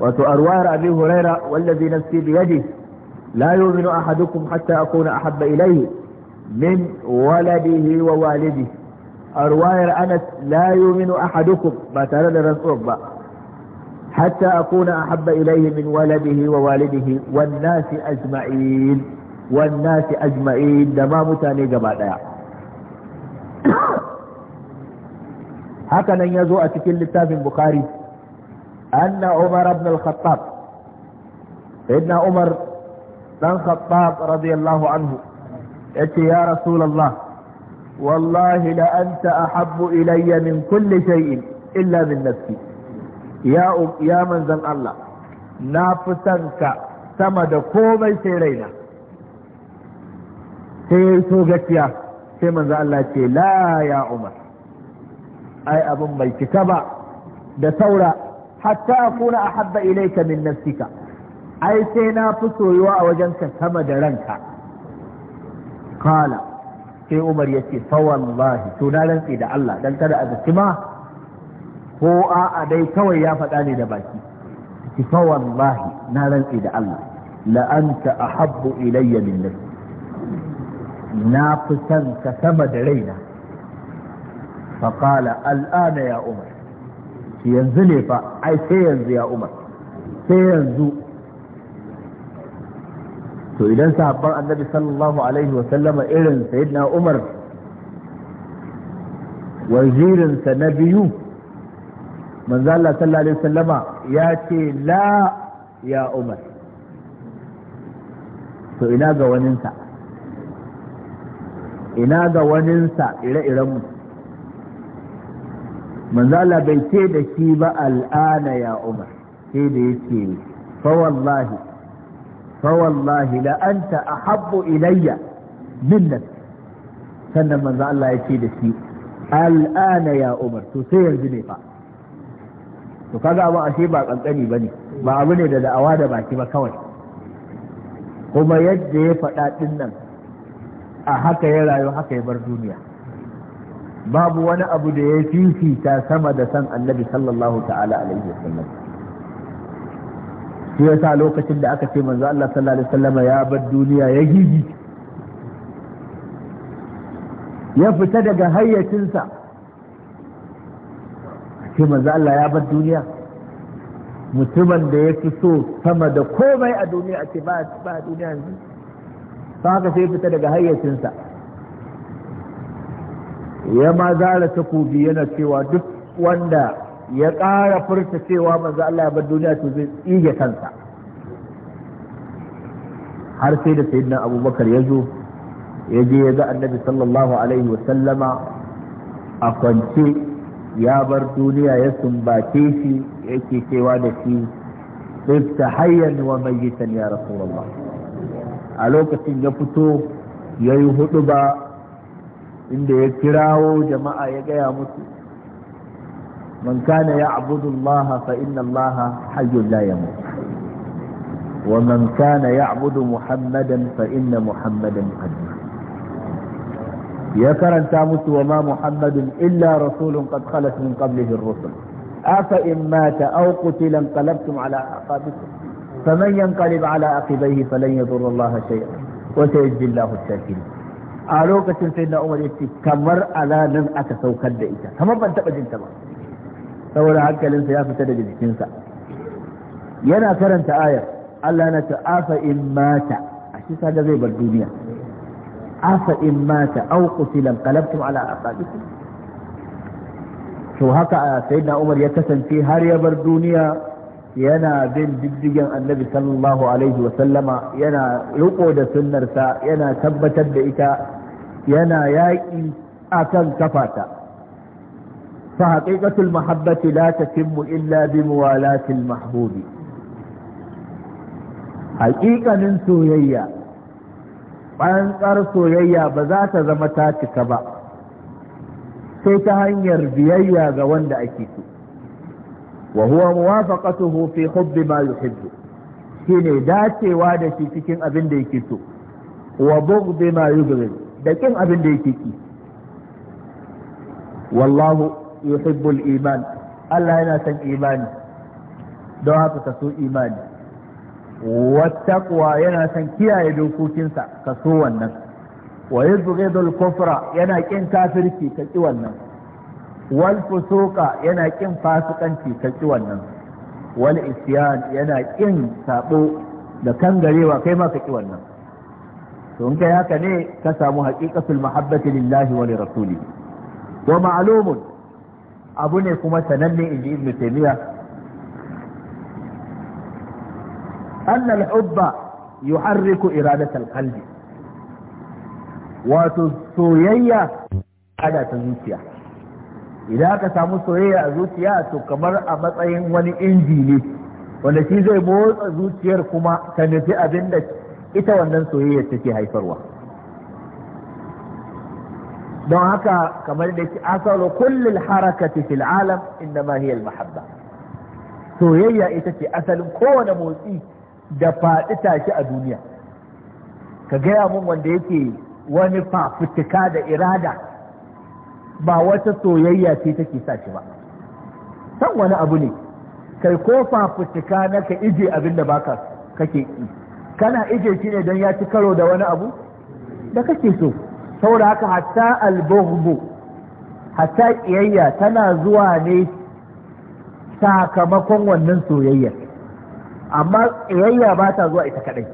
wato a ruwayar abi huraira wallazi nafsi bi yadi la yu'minu ahadukum hatta akuna ahabba ilayhi min waladihi wa walidi a ruwayar anas la yu'minu ahadukum ba tare da rantsuwa ba hatta akuna ahabba ilayhi min waladihi wa walidihi wan nasi ajma'in wan nasi ajma'in da ma mutane gaba daya haka nan ya zo a cikin littafin bukhari anna umar ibn al-khattab umar dan khattab radiyallahu anhu yace ya rasulullah wallahi la anta ahabbu ilayya min kulli shay'in illa min nafsi ya um, ya manzan Allah na fi ka sama da komai sai raina sai so gaskiya sai manzan Allah ce la ya umar ai abin mai cika ba da saura hatta kuna ahabba ilaika min nafsika ai sai na fi soyuwa a wajenka sama da ranka kala sai umar ya ce fa to na rantsi da Allah dan kada a zaci ma ko a a dai kawai ya faɗa ne da baki ki fa na rantsi da Allah la anta ahabbu ilayya min nafsi na fi san ka sama da raina فقال الآن يا عمر ينزلي فأي سينزي يا عمر سينزو to idan sahabban annabi sallallahu alaihi wa sallama irin sayyidina umar wazirinsa na biyu manzo Allah sallama ya ce la ya umar to ina ga waninsa ina ga ire manzo Allah bai ce da shi ba al'ana ya Umar sai da yake fa wallahi fa wallahi la anta ahabbu ilayya min sannan manzo Allah ya ce da shi al'ana ya Umar to sai yanzu ne fa to kaga abu ashe ba kankani bane ba abu ne da da'awa da baki ba kawai kuma yadda ya faɗa ɗin nan a haka ya rayu haka ya bar duniya babu wani abu da ya fifita sama da san annabi sallallahu ta'ala alaihi wasallam shi yasa lokacin da aka ce manzo Allah sallallahu alaihi wasallam ya bar duniya ya gigi ya fita daga hayyacinsa ce manzo Allah ya bar duniya mutumin da ya fi so sama da komai a duniya a ce ba a duniya yanzu ta haka sai fita daga hayyacinsa ya ma zara takobi yana cewa duk wanda ya ƙara furta cewa manzo Allah ya bar duniya to zai tsige kansa har sai da sayyidina abubakar ya zo ya je ya ga annabi sallallahu alaihi wa sallama a kwance ya bar duniya ya sumbace shi yake cewa da shi tsibta hayyan wa mayyitan ya rasulullah a lokacin ya fito ya yi hudu ba inda ya kirawo jama'a ya gaya musu man kana ya'budu Allah fa inna Allah hayyun la yamut wa man kana ya'budu Muhammadan fa inna Muhammadan qad ya karanta musu wa ma Muhammadun illa rasulun qad khalas min qablihi ar-rusul afa in mata aw qutila qalabtum ala aqabikum faman yanqalib ala aqibayhi falan yadurra Allah shay'an wa sayajzi Allahu ash-shakirin a lokacin sai na umar yace kamar alanan aka saukar da ita kamar ban taba jinta ba saboda hankalinsa ya fita daga jikinsa yana karanta ayar Allah na ta afa in mata a shi kaga zai bar duniya afa in mata aw qutilan qalabtum ala aqabikum to haka sayyidina Umar ya kasance har ya bar duniya yana bin diddigen annabi sallallahu alaihi wa sallama yana riko da sunnarsa yana tabbatar da ita yana yaƙi akan kafata fa haqiqatul mahabbati la tatimmu illa bi muwalatil mahbubi haƙiƙanin soyayya ɓantsar soyayya ba za ta zama ta cika ba sai ta hanyar biyayya ga wanda ake so wa huwa muwafaqatuhu fi hubbi ma yuhibbu shine dacewa da shi cikin abin da yake so wa bughdi ma yubghid da kin abin da yake ki wallahu yuhibbul iman Allah yana son imani don haka ka so imani wattaqwa yana son kiyaye dokokinsa ka so wannan wa yubghidul kufra yana kin kafirci ka ki wannan wal fusuqa yana kin fasikanci ka ki wannan wal isyan yana kin sabo da kangarewa kai ma ka ki wannan to in kai haka ne ka samu haqiqatul mahabbati lillahi wa li rasuli wa ma'lumun abu ne kuma sananne inji ibnu taymiya anna al-hubba yuharriku iradatal qalbi wato soyayya ada ta zuciya idan aka samu soyayya a zuciya to kamar a matsayin wani inji ne wanda shi zai motsa zuciyar kuma ta nufi abin da ita wannan soyayya take haifarwa don haka kamar da ke asalu kullum harakati fil alam innama hiya al mahabba soyayya ita ce asalin kowane motsi da faɗi tashi a duniya ka gaya mun wanda yake wani fafutuka da irada ba wata soyayya ce take sa shi ba san wani abu ne kai ko fafutuka na ka ije abin da baka kake yi kana ije shi ne don ya ci karo da wani abu da kake so saboda haka hatta albughdu hatta kiyayya tana zuwa ne sakamakon wannan soyayya amma kiyayya ba ta zuwa ita kadai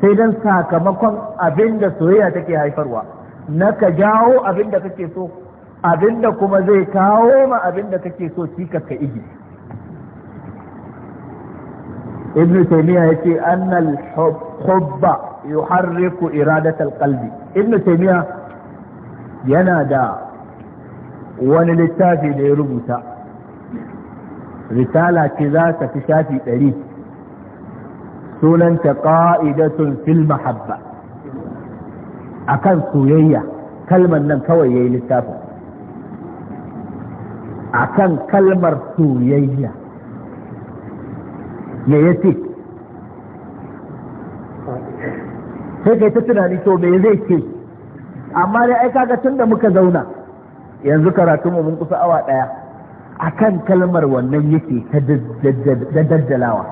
sai don sakamakon abin da soyayya take haifarwa na ka jawo abin da kake so abin da kuma zai kawo ma abin da kake so cikas ka iji ibn taymiya yace annal hubba yuharriku iradatal qalbi ibn taymiya yana da wani littafi da ya rubuta risala ce za ta fi shafi ɗari sunanta ƙa'idatun fil mahabba akan soyayya kalmar nan kawai yayi littafin akan kalmar soyayya me ya ce sai kai ta tunani to me zai ce amma dai ai kaga tun da muka zauna yanzu karatu mu mun kusa awa daya akan kalmar wannan yake ta daddalawa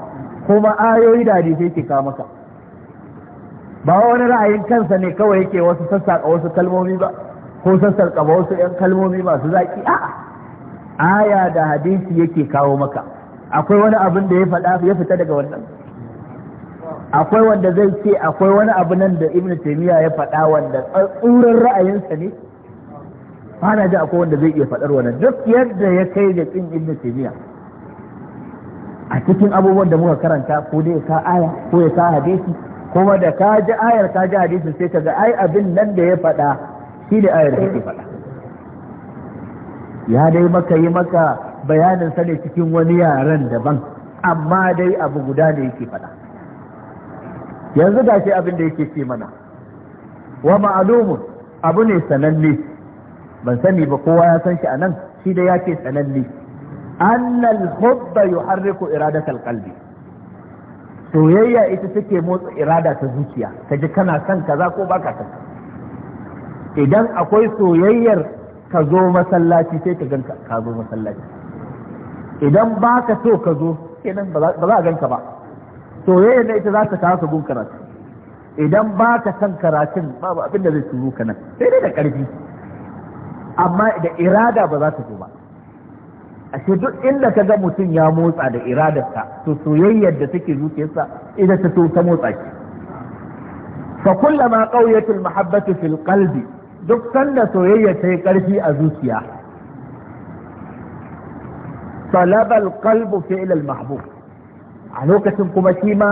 kuma ayoyi da hadisi ke kawo maka ba wani ra'ayin kansa ne kawai yake wasu sassaƙa wasu kalmomi ba ko sassaƙa wasu ƴan kalmomi masu zaƙi a'a aya da hadisi yake kawo maka akwai wani abin da ya faɗa ya fita daga wannan akwai wanda zai ce akwai wani abu nan da ibn taymiya ya faɗa wanda tsuran ra'ayinsa ne ba na ji akwai wanda zai iya faɗar wannan duk yadda ya kai da tsin ibn taymiya a cikin abubuwan da muka karanta ko dai ka aya ko ya ka hadisi kuma da ka ji ayar ka ji hadisi sai ka ga ai abin nan da ya faɗa shi ne ayar da yake faɗa ya dai maka yi maka bayanin sa ne cikin wani yaren daban amma dai abu guda ne yake faɗa yanzu ga shi abin da yake ce mana wa ma'alumu abu ne sananne ban sani ba kowa ya san shi a nan shi da yake sananne annal hubba yuharriku iradatal qalbi soyayya ita take motsa irada ta zuciya ka ji kana son kaza ko baka son idan akwai soyayyar ka zo masallaci sai ka ganka ka zo masallaci idan ba ka so ka zo kenan ba za a ganka ba soyayya na ita za ta kawo sabon gun karatu idan ba ka san karatun babu abin da zai turo ka nan sai dai da ƙarfi amma da irada ba za ta zo ba ashe duk inda ka ga mutum ya motsa da iradarsa to soyayyar da take zuciyarsa ita ta so ta motsa shi fa kullama qawiyatul mahabbatu fil qalbi duk sanda soyayya ta yi ƙarfi a zuciya طلب القلب فعل mahbub a lokacin kuma shi ma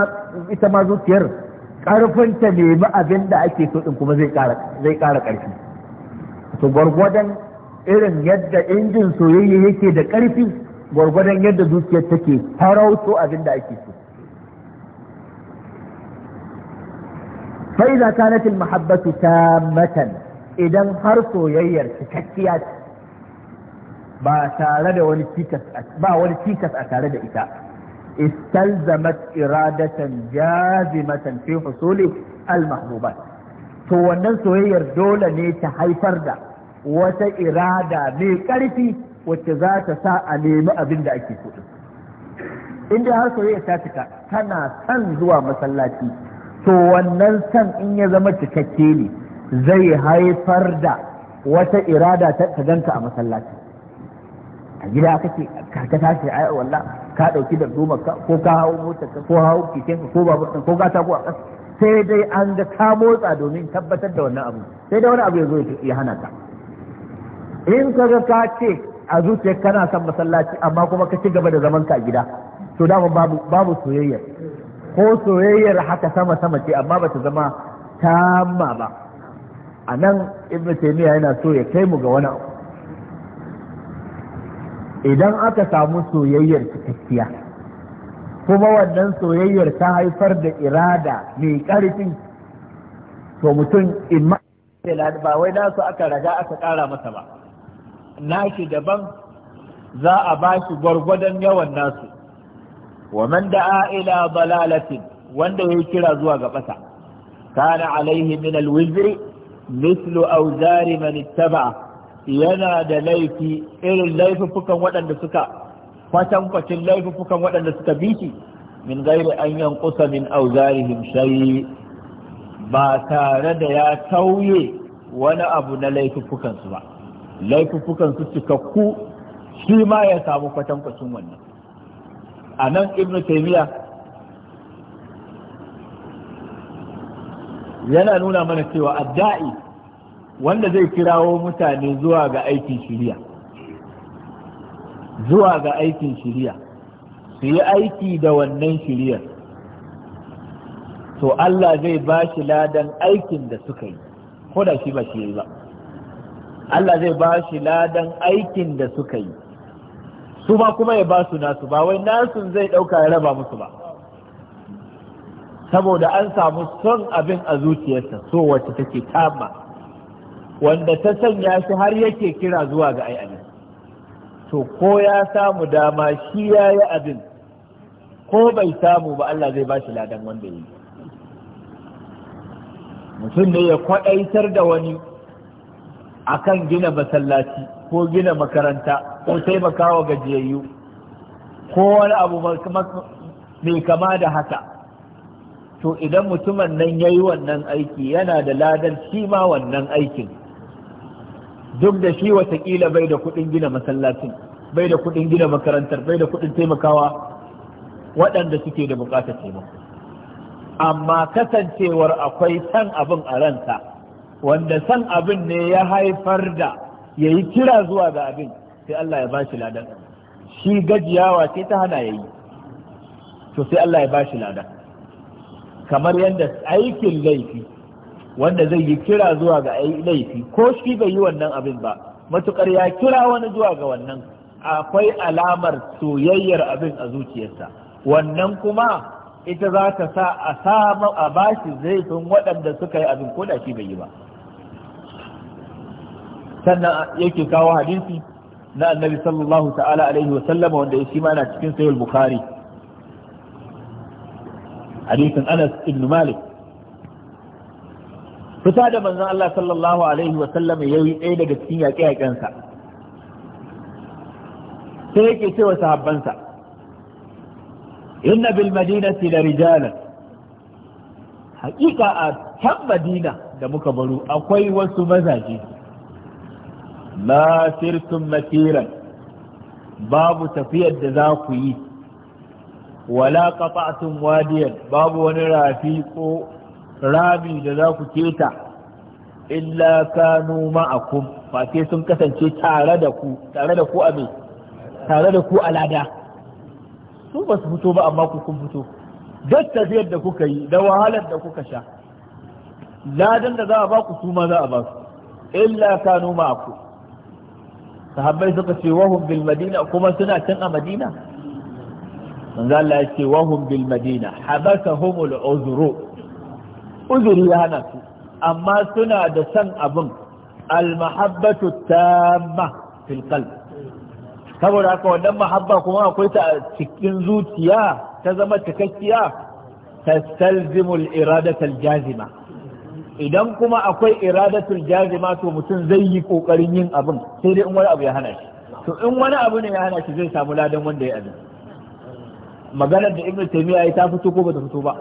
ita ma zuciyar karfin ta nemi abin da ake so din kuma zai ƙara ƙarfi to gwargwadon irin yadda injin soyayya yake da ƙarfi gwargwadon yadda zuciyar take farauto abin da ake so فإذا muhabbatu ta matan idan har soyayyar cikakkiya ba tare da wani cikas ba wani cikas a tare da ita istalzamat iradatan jazimatan fi husuli al to wannan soyayyar dole ne ta haifar da wata irada mai karfi wacce za ta sa a nemi abin da ake so in dai har soyayya ta cika tana san zuwa masallaci to wannan san in ya zama cikakke ne zai haifar da wata irada ta ganka a masallaci a gida kake ka tashi ai wallah ka dauki da duma ka ko ka hawo motar ka ko hawo keken ka ko babur ko ka tabo a kasa sai dai an ga ka motsa domin tabbatar da wannan abu sai dai wani abu ya zo ya hana ka in ka ga ka ce a zuciyar kana son masallaci amma kuma ka ci gaba da zaman ka a gida to dama babu babu soyayyar ko soyayyar haka sama sama ce amma bata zama tamma ba a nan ibnu taymiya yana so ya kai mu ga wani abu idan aka samu soyayyar cikakkiya kuma wannan soyayyar ta haifar da irada mai ƙarfi to mutum in ma ba wai nasu aka raga aka ƙara masa ba nashi daban za a ba shi gwargwadon yawan nasu wa man da'a ila dalalatin wanda ya kira zuwa ga ɓata kana alaihi min alwizri mislu auzari man ittaba'a yana da laifi irin laifukan waɗanda suka kwatankwacin laifukan waɗanda suka bi min gairi an yankusa min auzarihim shayi ba tare da ya tauye wani abu na laifukansu ba laifukansu cikakku shi ma ya samu kwatankwacin wannan a nan ibn taymiya yana nuna mana cewa adda'i wanda zai kirawo mutane zuwa ga aikin shiriya zuwa ga aikin shiriya su yi aiki da wannan shiriyar to Allah zai ba shi ladan aikin da suka yi ko da shi ba shi yi ba Allah zai ba shi ladan aikin da suka yi su ba kuma ya ba su nasu ba wai nasu zai ɗauka ya raba musu ba saboda an samu son abin a zuciyarsa so wacce take kama wanda ta sanya shi har yake kira zuwa ga ai to ko ya samu dama shi ya yi abin ko bai samu ba Allah zai ba ladan wanda yi mutum ne ya kwaɗaitar da wani akan gina masallaci ko gina makaranta ko taimakawa gajiyayyu ko wani abu mai kama da haka to idan mutumin nan ya yi wannan aiki yana da ladan shi ma wannan aikin duk da shi watakila bai da kuɗin gina masallacin bai da kuɗin gina makarantar bai da kuɗin taimakawa waɗanda suke da buƙatar taimako amma kasancewar akwai san abin a ranta, wanda san abin ne ya haifar da ya yi kira zuwa ga abin sai Allah ya bashi ladan shi gajiyawa ce ta hana ya yi to sai Allah ya bashi ladan kamar yadda aikin laifi wanda zai yi kira zuwa ga laifi ko shi bai yi wannan abin ba matukar ya kira wani zuwa ga wannan akwai alamar soyayyar abin a zuciyarsa wannan kuma ita za ta sa a samu a bashi zaifin waɗanda suka yi abin ko da shi bai yi ba sannan yake kawo hadisi na annabi sallallahu ta'ala alaihi wa sallama wanda shi ma na cikin sahih bukhari hadisin Anas ibn Malik fita da manzan Allah sallallahu alaihi wa ya yi ɗaya daga cikin yaƙe-yaƙensa sai yake cewa sahabbansa inna bil madinati da rijalan haƙiƙa a can madina da muka baro akwai wasu mazaje Na sirtum matiran babu tafiyar da za ku yi wala qata'tum wadiyan babu wani rafi ko rami da za ku keta illa kanu ma'akum fate sun kasance tare da ku tare da ku abin tare da ku alada. su ba su fito ba amma ku kun fito duk tafiyar da kuka yi da wahalar da kuka sha ladan da za a ba ku su ma za a ba su illa kanu ma'akum sahabbai suka ce wahum bil madina kuma suna can a madina manzo Allah ya ce wahum bil madina habasahumul uzru uzuri ya hana su amma suna da san abin almahabbatu tamma fil qalb saboda haka wannan mahabba kuma akwai ta a cikin zuciya ta zama cikakkiya tastalzimul iradatul jazima idan kuma akwai iradatul jazima to mutum zai yi kokarin yin abin sai dai in wani abu ya hana shi to in wani abu ne ya hana shi zai samu ladan wanda ya abin maganar da ibnu taymiya ya ta fito ko bata fito ba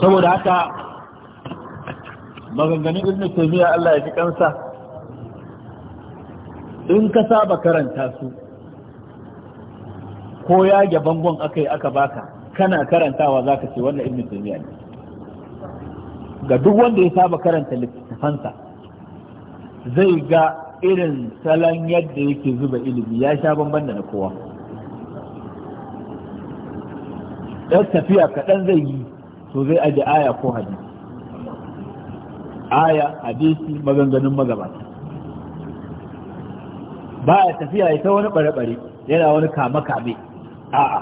saboda haka maganganun ibn taymiya Allah ya ji kansa in ka saba karanta su ko yage bangon akai aka baka kana karantawa zaka ce wannan ibn taymiya ne ga duk wanda ya saba karanta littafansa zai ga irin salon yadda yake zuba ilimi ya sha bamban da na kowa ɗan tafiya kaɗan zai yi to zai aje aya ko hadisi aya hadisi maganganun magabata ba ya tafiya ya ta wani ɓare-ɓare yana wani kame-kame a'a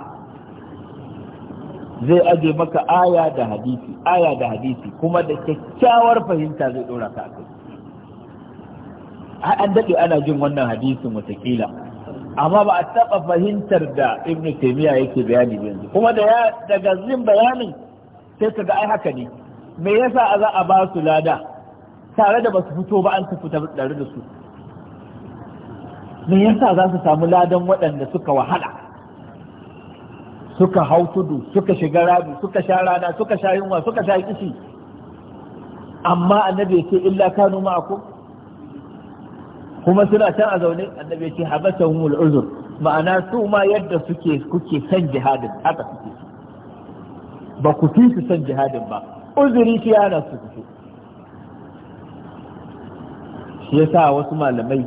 zai aje maka aya da hadisi aya da hadisi kuma da kyakkyawar fahimta zai ɗora ka akai an daɗe ana jin wannan hadisin watakila amma ba a taɓa fahimtar da ibn taimiyya yake bayani yanzu kuma da daga zin bayanin sai ka ga ai haka ne me yasa a za a ba su lada tare da ba su fito ba an ta fita tare da su me yasa za su samu ladan waɗanda suka wahala suka hau tudu suka shiga rabi suka sha rana suka sha yunwa suka sha kishi amma annabi ya ce illa kanu ma'akum kuma suna can a zaune annabi ya ce habasa humul uzur ma'ana su ma yadda suke kuke san jihadin haka suke ba ku fi su san jihadin ba uzuri shi yana su fito shi ya sa wasu malamai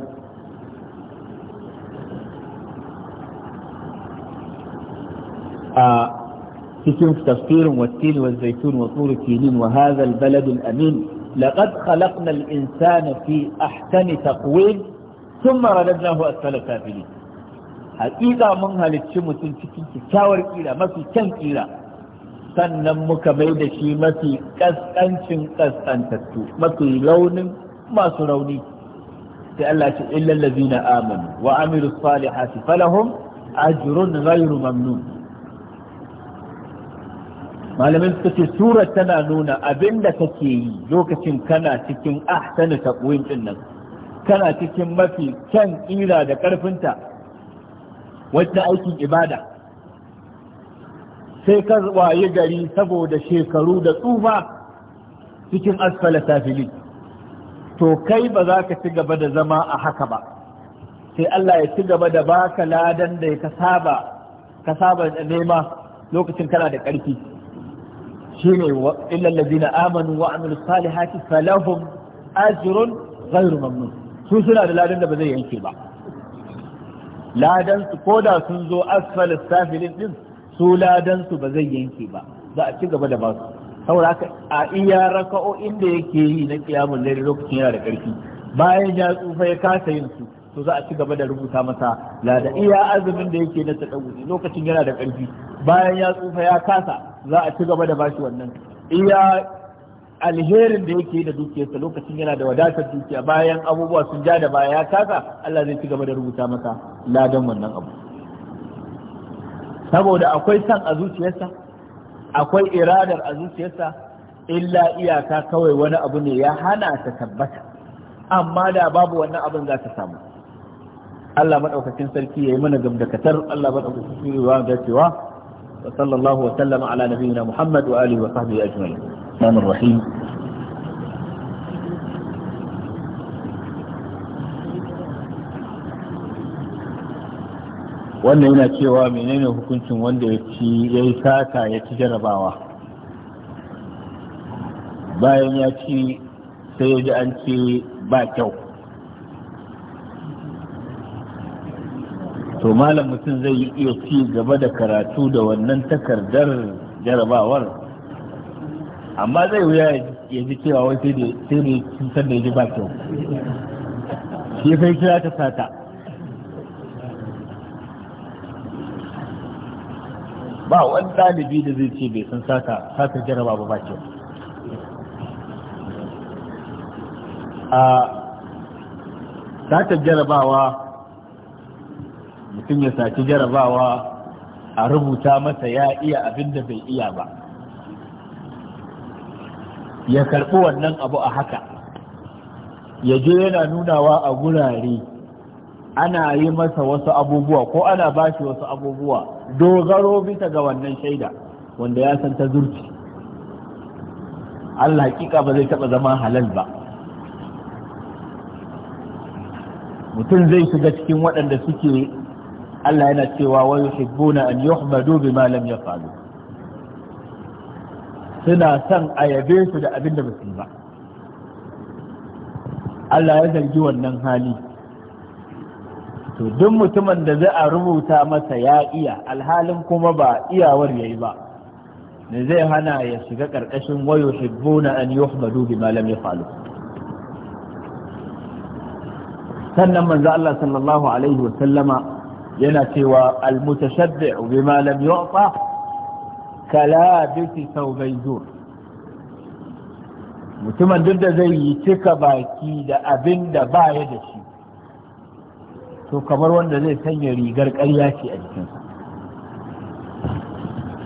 a cikin tafsirin wattini wa zaitun wa tsoro kinin wa hazal al amin لقد خلقنا الإنسان في أحسن تقويم ثم رددناه أسفل السافلين haƙiƙa mun halicci mutum cikin kyakkyawar ƙira mafi kyan ƙira sannan muka mai da shi mafi ƙasƙancin ƙasƙantattu mafi raunin masu rauni sai Allah ce illal ladzina amanu wa Amiru salihati falahum ajrun ghayru mamnun malamin suka ce surar tana nuna abin da kake yi lokacin kana cikin ahSani taqwim din nan tana cikin mafi kyan ƙira da ƙarfinta wata aikin ibada sai ka waye gari saboda shekaru da tsufa cikin asfala safili to kai ba za ka ci gaba da zama a haka ba sai Allah ya ci gaba da baka ladan da ka saba ka saba da nema lokacin kana da ƙarfi shine illal ladina amanu wa amilus salihati falahum ajrun ghairu mamnun su suna da ladan da ba zai yanke ba ladan su ko da sun zo asfal safilin din su ladan su ba zai yanke ba za a ci gaba da ba su saboda haka a iya rakao inda yake yi na kiyamun lairi lokacin yana da ƙarfi bayan ya tsufa ya kasa yin su to za a ci gaba da rubuta masa lada iya azumin da yake na tadawuri lokacin yana da ƙarfi bayan ya tsufa ya kasa za a ci gaba da bashi wannan iya alherin da yake da dukiyarsa lokacin yana da wadatar dukiya bayan abubuwa sun ja da baya ya Allah zai ci gaba da rubuta masa ladan wannan abu saboda akwai san a zuciyarsa akwai iradar a zuciyarsa illa iyaka kawai wani abu ne ya hana ta tabbata amma da babu wannan abin za ta samu Allah maɗaukacin sarki ya yi mana gamdakatar Allah maɗaukacin sarki ya yi cewa وصلى الله وسلم على نبينا محمد وآله وصحبه أجمعين الرحمن الرحيم wannan yana cewa menene hukuncin wanda ya ci ya yi sata ya ci jarabawa bayan ya ci sai ya ji an ce ba kyau to malam mutum zai yi iya ci gaba da karatu da wannan takardar jarabawar amma zai wuya ya ji cewa wai sai ne sun san da ya ji ba kyau shi sai kira ta sata ba wani ɗalibi da zai ce bai san sata sata jaraba ba ba kyau a sata jarabawa mutum ya saci jarabawa a rubuta masa ya iya abin da bai iya ba ya karɓi wannan abu a haka ya je yana nunawa a gurare ana yi masa wasu abubuwa ko ana ba shi wasu abubuwa dogaro bisa ga wannan shaida wanda ya san ta zurfi Allah hakika ba zai taɓa zama halal ba mutum zai shiga cikin waɗanda suke Allah yana cewa wa shibbuna an yi yuhmadu bima ya faru. suna son a yabe su da abin da basu ba Allah ya zargi wannan hali to duk mutumin da zai a rubuta masa ya iya alhalin kuma ba iyawar yayi ba ne zai hana ya shiga karkashin wayo shibbuna an yi yuhmadu bima ya faru. sannan manzo Allah sallallahu alaihi wa sallama yana cewa almutashabbi' bima lam yu'ta kalabisi thawbay zur mutumin duk da zai yi cika baki da abin da ba ya da shi to kamar wanda zai sanya rigar ƙarya ce a jikinsa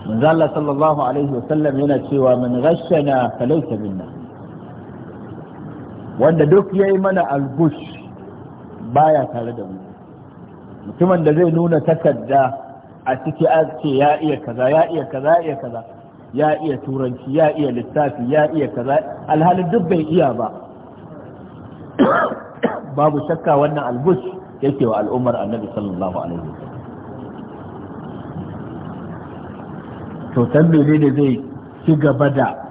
manzo Allah sallallahu alaihi wa sallam yana cewa man ghashana falaysa minna wanda duk yayi mana algush baya tare da mu mutumin da zai nuna takarda a ciki a ce ya iya kaza ya iya kaza ya iya kaza ya iya turanci ya iya littafi ya iya kaza alhalin duk bai iya ba <coughs> babu shakka wannan albus yake wa al'ummar annabi sallallahu alaihi to tambaye ne da zai ci gaba da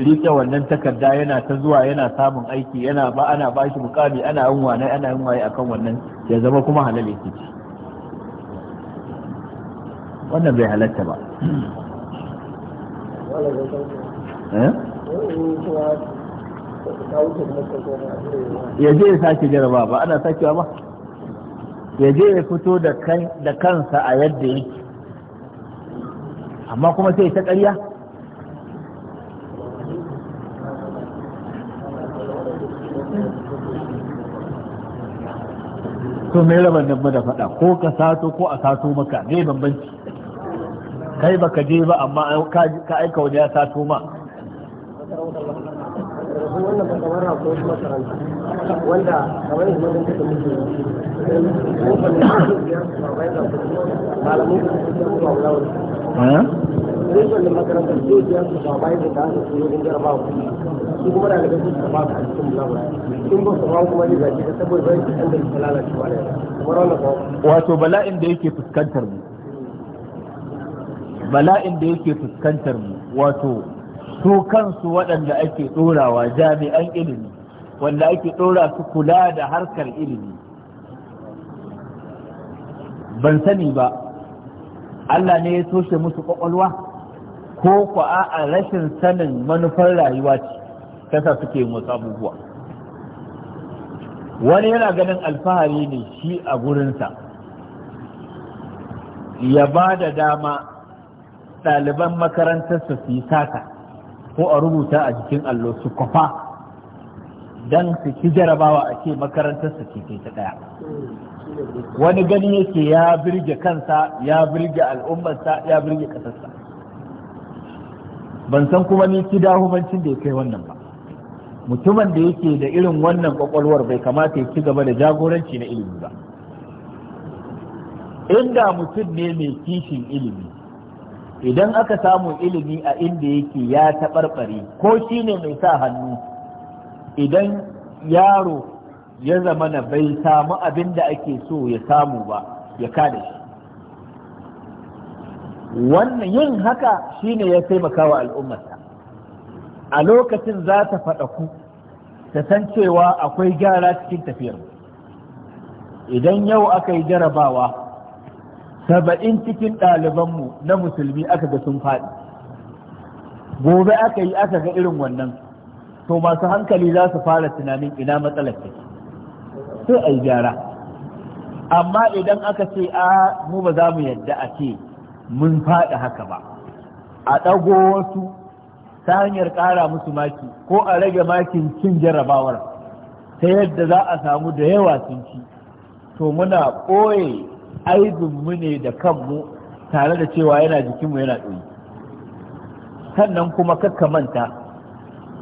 rike wannan takarda yana ta zuwa yana samun aiki yana ba ana ba shi mukami ana yin wane ana yin waye akan wannan ya zama kuma halal yake ci wannan bai halatta ba eh? ya je ya sake jaraba ba ana sakewa ba ya je ya fito da kansa a yadda yake amma kuma sai ta ƙarya to me raban nan da faɗa ko ka sato ko a sato maka ne bambanci kai baka je ba amma ka aika wani ya sato ma wanda kamar da makarantar su ba bayan da ta su su kuma da daga ba cikin ba su ba kuma ne zaki saboda bayan cikin da lalace ba ba wato bala'in da yake fuskantar mu bala'in da yake fuskantar mu wato su kansu waɗanda ake ɗorawa jami'an ilimi wanda ake ɗora su kula da harkar ilimi ban sani ba Allah ne ya toshe musu ƙwaƙwalwa. ko ku a rashin sanin manufar rayuwa ce kasa suke motsa abubuwa wani yana ganin alfahari ne shi a gurinsa ya ba da dama ɗaliban makarantar su fi sata ko a rubuta a jikin allo su kwafa don su ki jarabawa a ce su ce ta ɗaya wani gani yake ya birge kansa ya birge al'ummarsa ya birge ƙasarsa ban san kuma ni kidahumancin da ya kai wannan ba mutumin da yake da irin wannan kwakwalwar bai kamata ya ci gaba da jagoranci na ilimi ba inda mutum ne mai kishin ilimi idan aka samu ilimi a inda yake ya taɓarɓare ko shi ne mai sa hannu idan yaro ya zama na bai samu abin da ake so ya samu ba ya kada shi wannan yin haka shine ya taimaka wa a lokacin za ta faɗa ku ta san cewa akwai gyara cikin tafiyar idan yau aka yi jarabawa saba'in cikin ɗalibanmu na musulmi aka ga sun faɗi gobe aka yi aka ga irin wannan to masu hankali za su fara tunanin ina matsalar ce sai a yi gyara amma idan aka ce a mu ba za mu yadda a ce mun faɗi haka ba a ɗago wasu ta hanyar ƙara musu maki ko a rage makin cin jarabawar, ta yadda za a samu da yawa sun ci to muna ɓoye mu ne da kanmu tare da cewa yana jikinmu yana ɗoyi sannan kuma kakka manta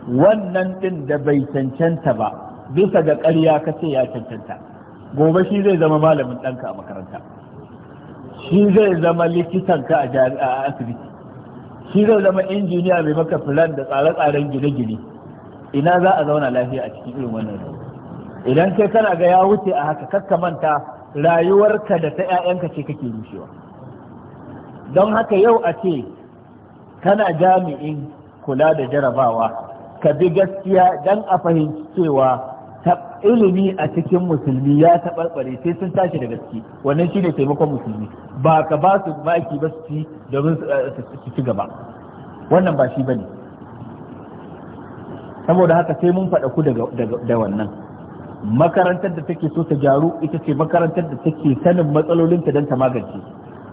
wannan ɗin da bai cancanta ba bisa ga ƙarya ka ce ya cancanta gobe shi zai zama malamin ɗanka a makaranta shi zai zama likitanka a asibiti shi zai zama injiniya mai maka filan da tsare-tsaren gine-gine ina za a zauna lafiya a cikin irin wannan idan kai kana ga ya wuce a haka kakka manta rayuwarka da ta 'ya'yanka ce kake rushewa don haka yau a ce kana jami'in kula da jarabawa ka bi gaskiya don a fahimci cewa ilimi a cikin musulmi ya taɓarɓare sai sun tashi da gaske wannan shi ne taimakon musulmi ba ka ba su maki ba su ci domin su eh, ci gaba wannan ba shi ba ne saboda haka sai mun faɗa ku da wannan makarantar da take so ta gyaru ita ce makarantar da take sanin matsalolinta don ta magance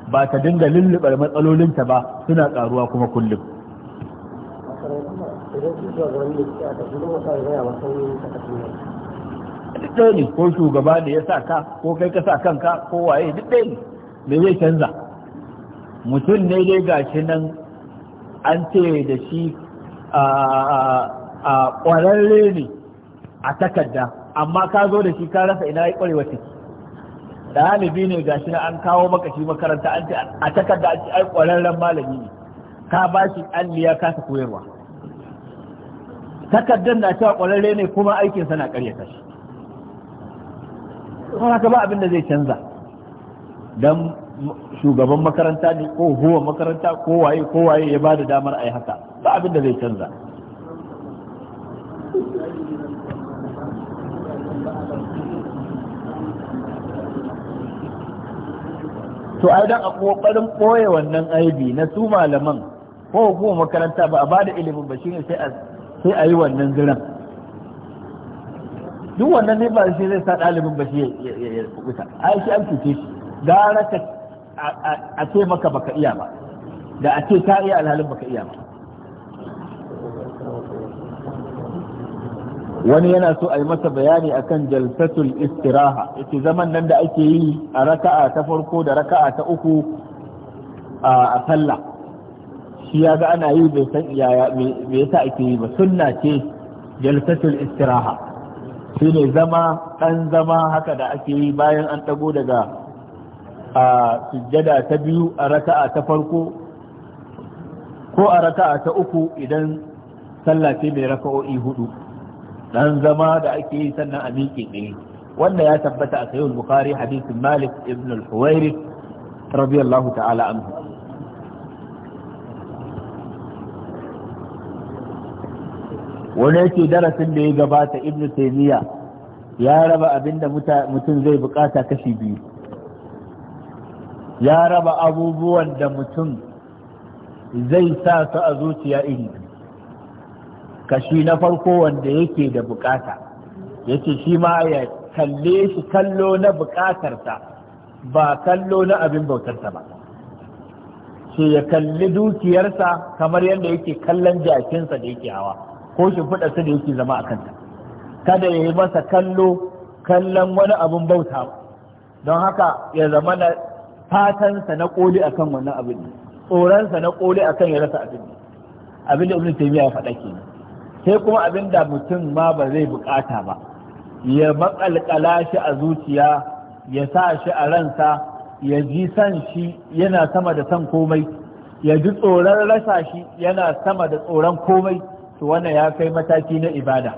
ba ta dinga lullubar matsalolinta ba suna ƙaruwa kuma kullum idan su shugabanni da suke a tafi don wata ya gaya wasan duk ɗaya ne ko shugaba ne ya sa ka ko kai ka sa kanka ko waye duk ɗaya ne me zai canza mutum ne dai gashi nan an ce da shi a ƙwararre ne a takarda amma ka zo da shi ka rasa ina ya ƙwarewa ciki ɗalibi ne gashi nan an kawo maka shi makaranta an ce a takarda an ce ai ƙwararren malami ne ka ba shi alliya kasa koyarwa takardar na cewa ƙwararre ne kuma aikinsa na ƙaryata shi don haka ba abin da zai canza dan shugaban makaranta ne ko huwa makaranta ko waye ko waye ya bada damar a yi haka ba abin da zai canza to ai dan a kokarin boye wannan aibi na su malaman ko hukumar makaranta ba a bada ilimin ba shine sai a sai a yi wannan zuran duk wannan ne ba shi zai sa ɗalibin ba shi ya kubuta ai shi an cuce shi gara ka a ce maka baka iya ba da a ce ta iya alhalin baka iya ba wani yana so a yi masa bayani akan jalsatul istiraha yace zaman nan da ake yi a raka'a ta farko da raka'a ta uku a sallah shi ya ga ana yi bai san me yasa ake yi ba sunna ce jalsatul istiraha shine zama ɗan zama haka da ake yi bayan an ɗago daga a sujjada ta biyu a raka'a ta farko ko a raka'a ta uku idan sallah mai raka'o'i hudu ɗan zama da ake yi sannan a miƙe ɗaya wanda ya tabbata a sayyid bukhari hadisin malik ibn al-huwairi radiyallahu ta'ala anhu wani yake darasin da ya gabata ibn taymiya ya raba abinda mutum zai bukata kashi biyu ya raba abubuwan da mutum zai sa su a zuciya iri kashi na farko wanda yake da bukata yace shi ma ya kalle shi kallo na bukatarsa ba kallo na abin bautarsa ba sai ya kalli dukiyarsa kamar yadda yake kallon jakinsa da yake hawa ko shi sa da yake zama a kanta kada ya yi masa kallo kallon wani abun bauta don haka ya zama na fatansa na koli akan wannan abin tsoronsa na koli akan ya rasa abin abin da ibn taymiya ya faɗa kenan sai kuma abin da mutum ma ba zai bukata ba ya makalkala shi a zuciya ya sa shi a ransa ya ji san shi yana sama da san komai ya ji tsoron rasa shi yana sama da tsoron komai to wannan ya kai mataki na ibada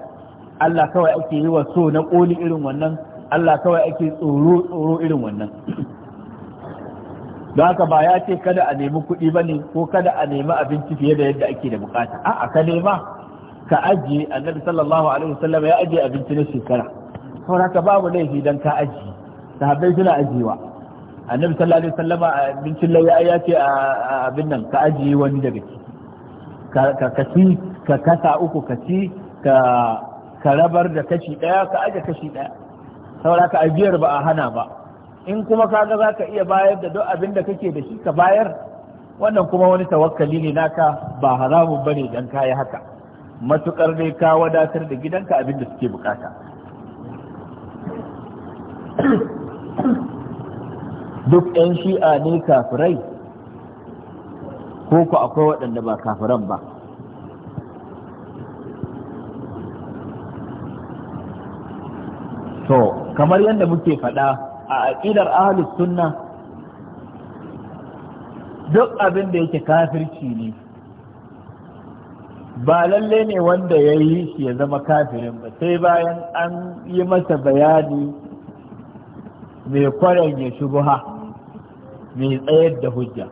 Allah kawai ake yi wa so na koli irin wannan Allah kawai ake tsoro tsoro irin wannan don haka ba ya ce kada a nemi kuɗi ba ne ko kada a nemi abinci fiye da yadda ake da bukata a'a ka nema ka ajiye annabi sallallahu alaihi wasallam ya ajiye abinci na shekara saboda haka babu laifi dan ka ajiye sahabbai suna ajiyewa annabi sallallahu alaihi wasallam abincin lauya ya ce a abin nan ka ajiye wani daga ka ka ka kasa uku ka ci ka karabar da kashi ɗaya ka aje kashi ɗaya saboda ka ajiyar ba a hana ba in kuma kaga za ka iya bayar da duk abin da kake da shi ka bayar wannan kuma wani tawakkali ne naka ba haramun bane dan kayi haka matukar dai ka wadatar da gidanka abin da suke bukata <coughs> duk 'yan shi'a ne kafirai ko ku akwai waɗanda ba kafiran ba to kamar yadda muke faɗa a aƙidar ahlus sunna duk abin da yake kafirci ne ba lalle ne wanda ya yi shi ya zama kafirin ba sai bayan an yi masa bayani mai kwaran ya shubuha mai tsayar da hujja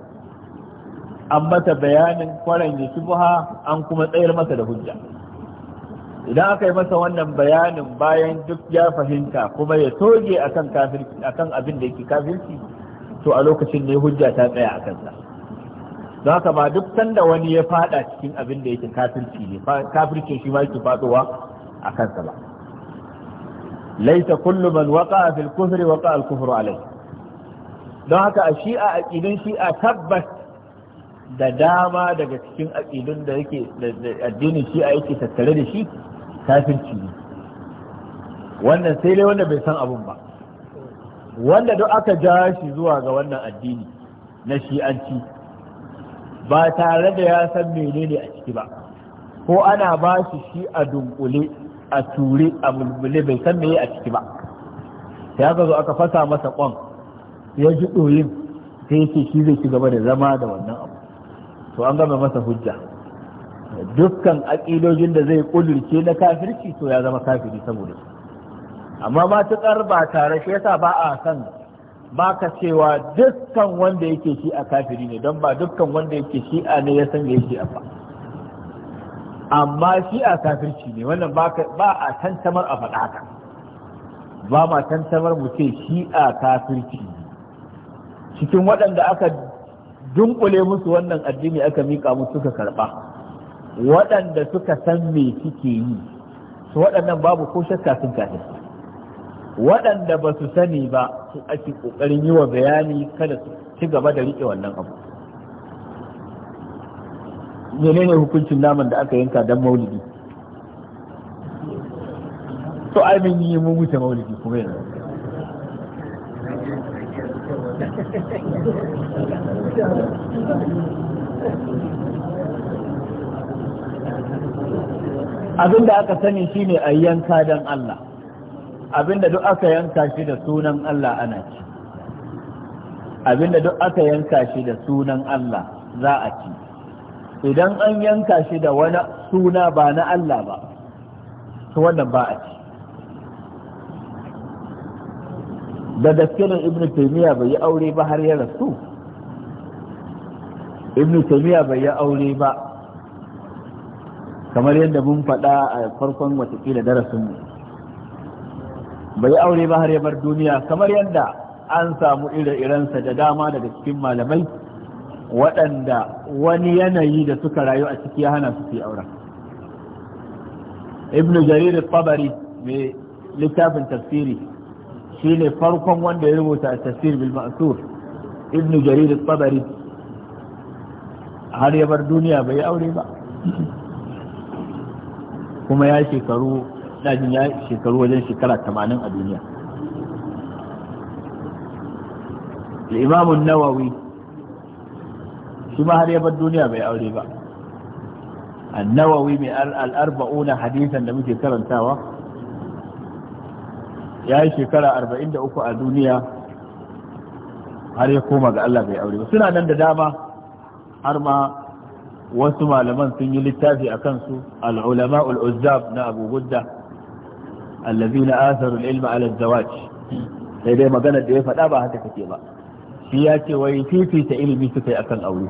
an mata bayanin kwaran ya shubuha an kuma tsayar masa da hujja idan aka yi masa wannan bayanin bayan duk ya fahimta kuma ya toge akan kafirci akan abin da yake kafirci to a lokacin ne hujja ta tsaya a kansa don haka ba duk sanda wani ya fada cikin abin da yake kafirci ne kafirci shi ma yake fadowa a kansa ba laisa kullu man waqa fil kufri waqa al kufru alayhi don haka a shi'a aqidin shi'a tabbas da dama daga cikin aqidun da yake addinin shi'a yake tattare da shi kafirci ne wannan sai dai wanda bai san abun ba wanda duk aka ja shi zuwa ga wannan addini na shi'anci ba tare da ya san menene a ciki ba ko ana ba shi shi a dunkule a ture a mulmule bai san meye a ciki ba sai aka zo aka fasa masa kwan ya ji ɗoyin sai yake shi zai ci gaba da zama da wannan abu to an gama masa hujja dukkan aƙidojin da zai ƙudurce na kafirci to ya zama kafiri saboda su amma matuƙar ba tare shi yasa ba a san ba ka cewa dukkan wanda yake shi a kafiri ne don ba dukkan wanda yake shi a ne ya san da yake a ba amma shi a kafirci ne wannan ba a tantamar a faɗa haka ba ma tantamar mu ce shi a kafirci cikin waɗanda aka dunkule musu wannan addini aka miƙa musu suka karɓa waɗanda suka san me suke yi su waɗannan babu ko shakka sun kafin waɗanda ba su sani ba su ake ƙoƙarin yi wa bayani kada su ci gaba da riƙe wannan abu menene hukuncin naman da aka yanka don maulidi to ai mun yi mun wuce maulidi kuma yanzu abinda aka sani shi ne a yanka don Allah abinda duk aka yanka shi da sunan Allah ana ci abinda duk aka yanka shi da sunan Allah za a ci idan an yanka shi da wani suna ba na Allah ba to wannan ba a ci da daskinin ibn taymiya bai yi aure ba har ya rasu ibn taymiya bai yi aure ba kamar yadda mun faɗa a farkon watakila mu bai aure ba har ya bar duniya kamar yadda an samu ire-irensa da dama daga cikin malamai waɗanda wani yanayi da suka rayu a ciki ya hana su fi aure ibn jarir tabari mai littafin tafsiri shine farkon wanda ya rubuta a tafsir bil ma'sur ibn jarir tabari har ya bar duniya bai aure ba kuma ya shekaru ɗajin ya shekaru wajen shekara tamanin a duniya imamun nawawi shi ma har yabar duniya bai aure ba annawawi mai al'arba'una hadisan da muke karantawa ya yi shekara arba'in da uku a duniya har ya koma ga Allah bai aure ba suna nan da dama har ma wasu malaman sun yi littafi a kansu al'ulama ul'uzzab na abu gudda allazi na asarul ilma ala zawaj sai dai magana da ya faɗa ba haka take ba shi ya ce wai fifita ilimi suka yi a kan aure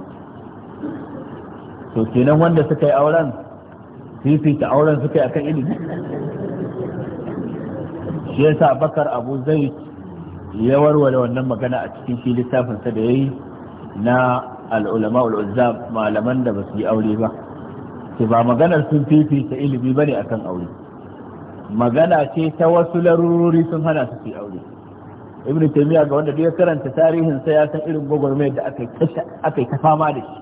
to kenan wanda suka yi auren fifita auren suka yi a kan ilimi shi ya sa bakar abu zai ya warware wannan magana a cikin shi littafinsa da ya yi na al'ulama ul'uzzam malaman da ba su yi aure ba ce ba maganar sun ta ilimi bane akan aure magana ce ta wasu larurori sun hana su su yi aure ibn taymiya ga wanda ya karanta tarihin sa ya san irin gwagwarmayar da aka aka ta fama da shi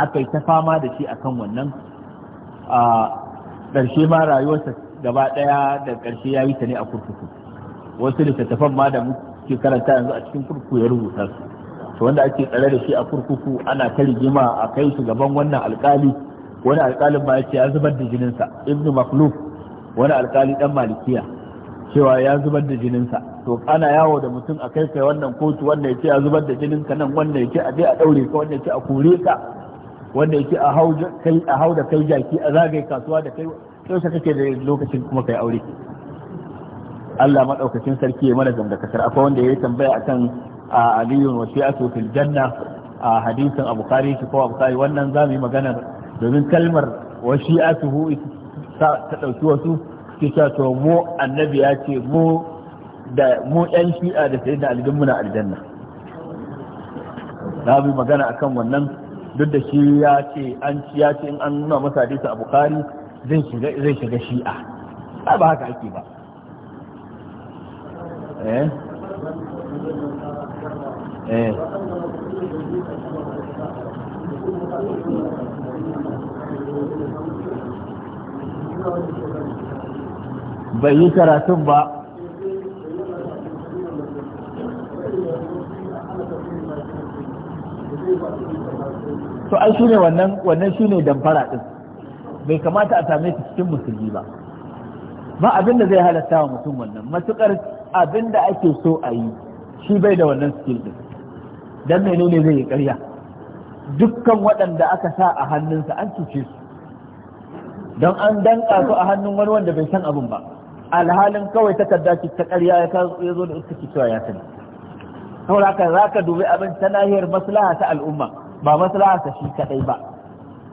aka ta fama da shi akan wannan a ƙarshe ma rayuwarsa gaba ɗaya da ƙarshe ya yi ta ne a kurkuku wasu littattafan ma da muke karanta yanzu a cikin kurkuku ya rubuta su to wanda ake tsare da shi a kurkuku ana ta rigima a kai shi gaban wannan alkali wani alkalin ma yace ya zubar da jininsa ibnu makhluf wani alkali dan malikiya cewa ya zubar da jininsa to ana yawo da mutum a kai kai wannan kotu wanda yace ya zubar da jininka nan wanda yake a je a daure ka wanda yake a kore ka wanda yake a hau kai a hau da kai jaki a zagaye kasuwa da kai sai sa kake da lokacin kuma kai aure Allah madaukakin sarki ya mana gamda kasar akwai wanda ya tambaya akan aliyun wasi'atu fil janna a hadisin abu kari shi ko abu kari wannan za mu yi magana domin kalmar wasi'atuhu ta ɗauki wasu ke cewa to mu annabi ce mu da shi'a da sai da alidin muna aljanna za mu yi magana akan wannan duk da shi ya ce in an nuna masa hadisi abu kari zai shiga shi'a ba haka ake ba eh? Eh. bai yi karatun ba to ai shine wannan wannan shine damfara din bai kamata a same shi cikin musulmi ba ba abin da zai halatta wa mutum wannan matukar abin da ake so a yi shi bai da wannan skill din dan mai menene zai yi ƙarya dukkan waɗanda aka sa a hannunsa an cuce su don an danka su a hannun wani wanda bai san abin ba alhalin kawai takarda ce ta ƙarya ya zo da iska cewa ya sani kawai haka za ka dubi abin ta nahiyar maslaha ta al'umma ba maslaha ta shi kaɗai ba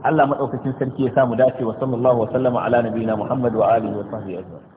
Allah maɗaukacin sarki ya samu dace wa sallallahu wa sallama ala nabiyina Muhammad wa alihi wa sahbihi ajma'in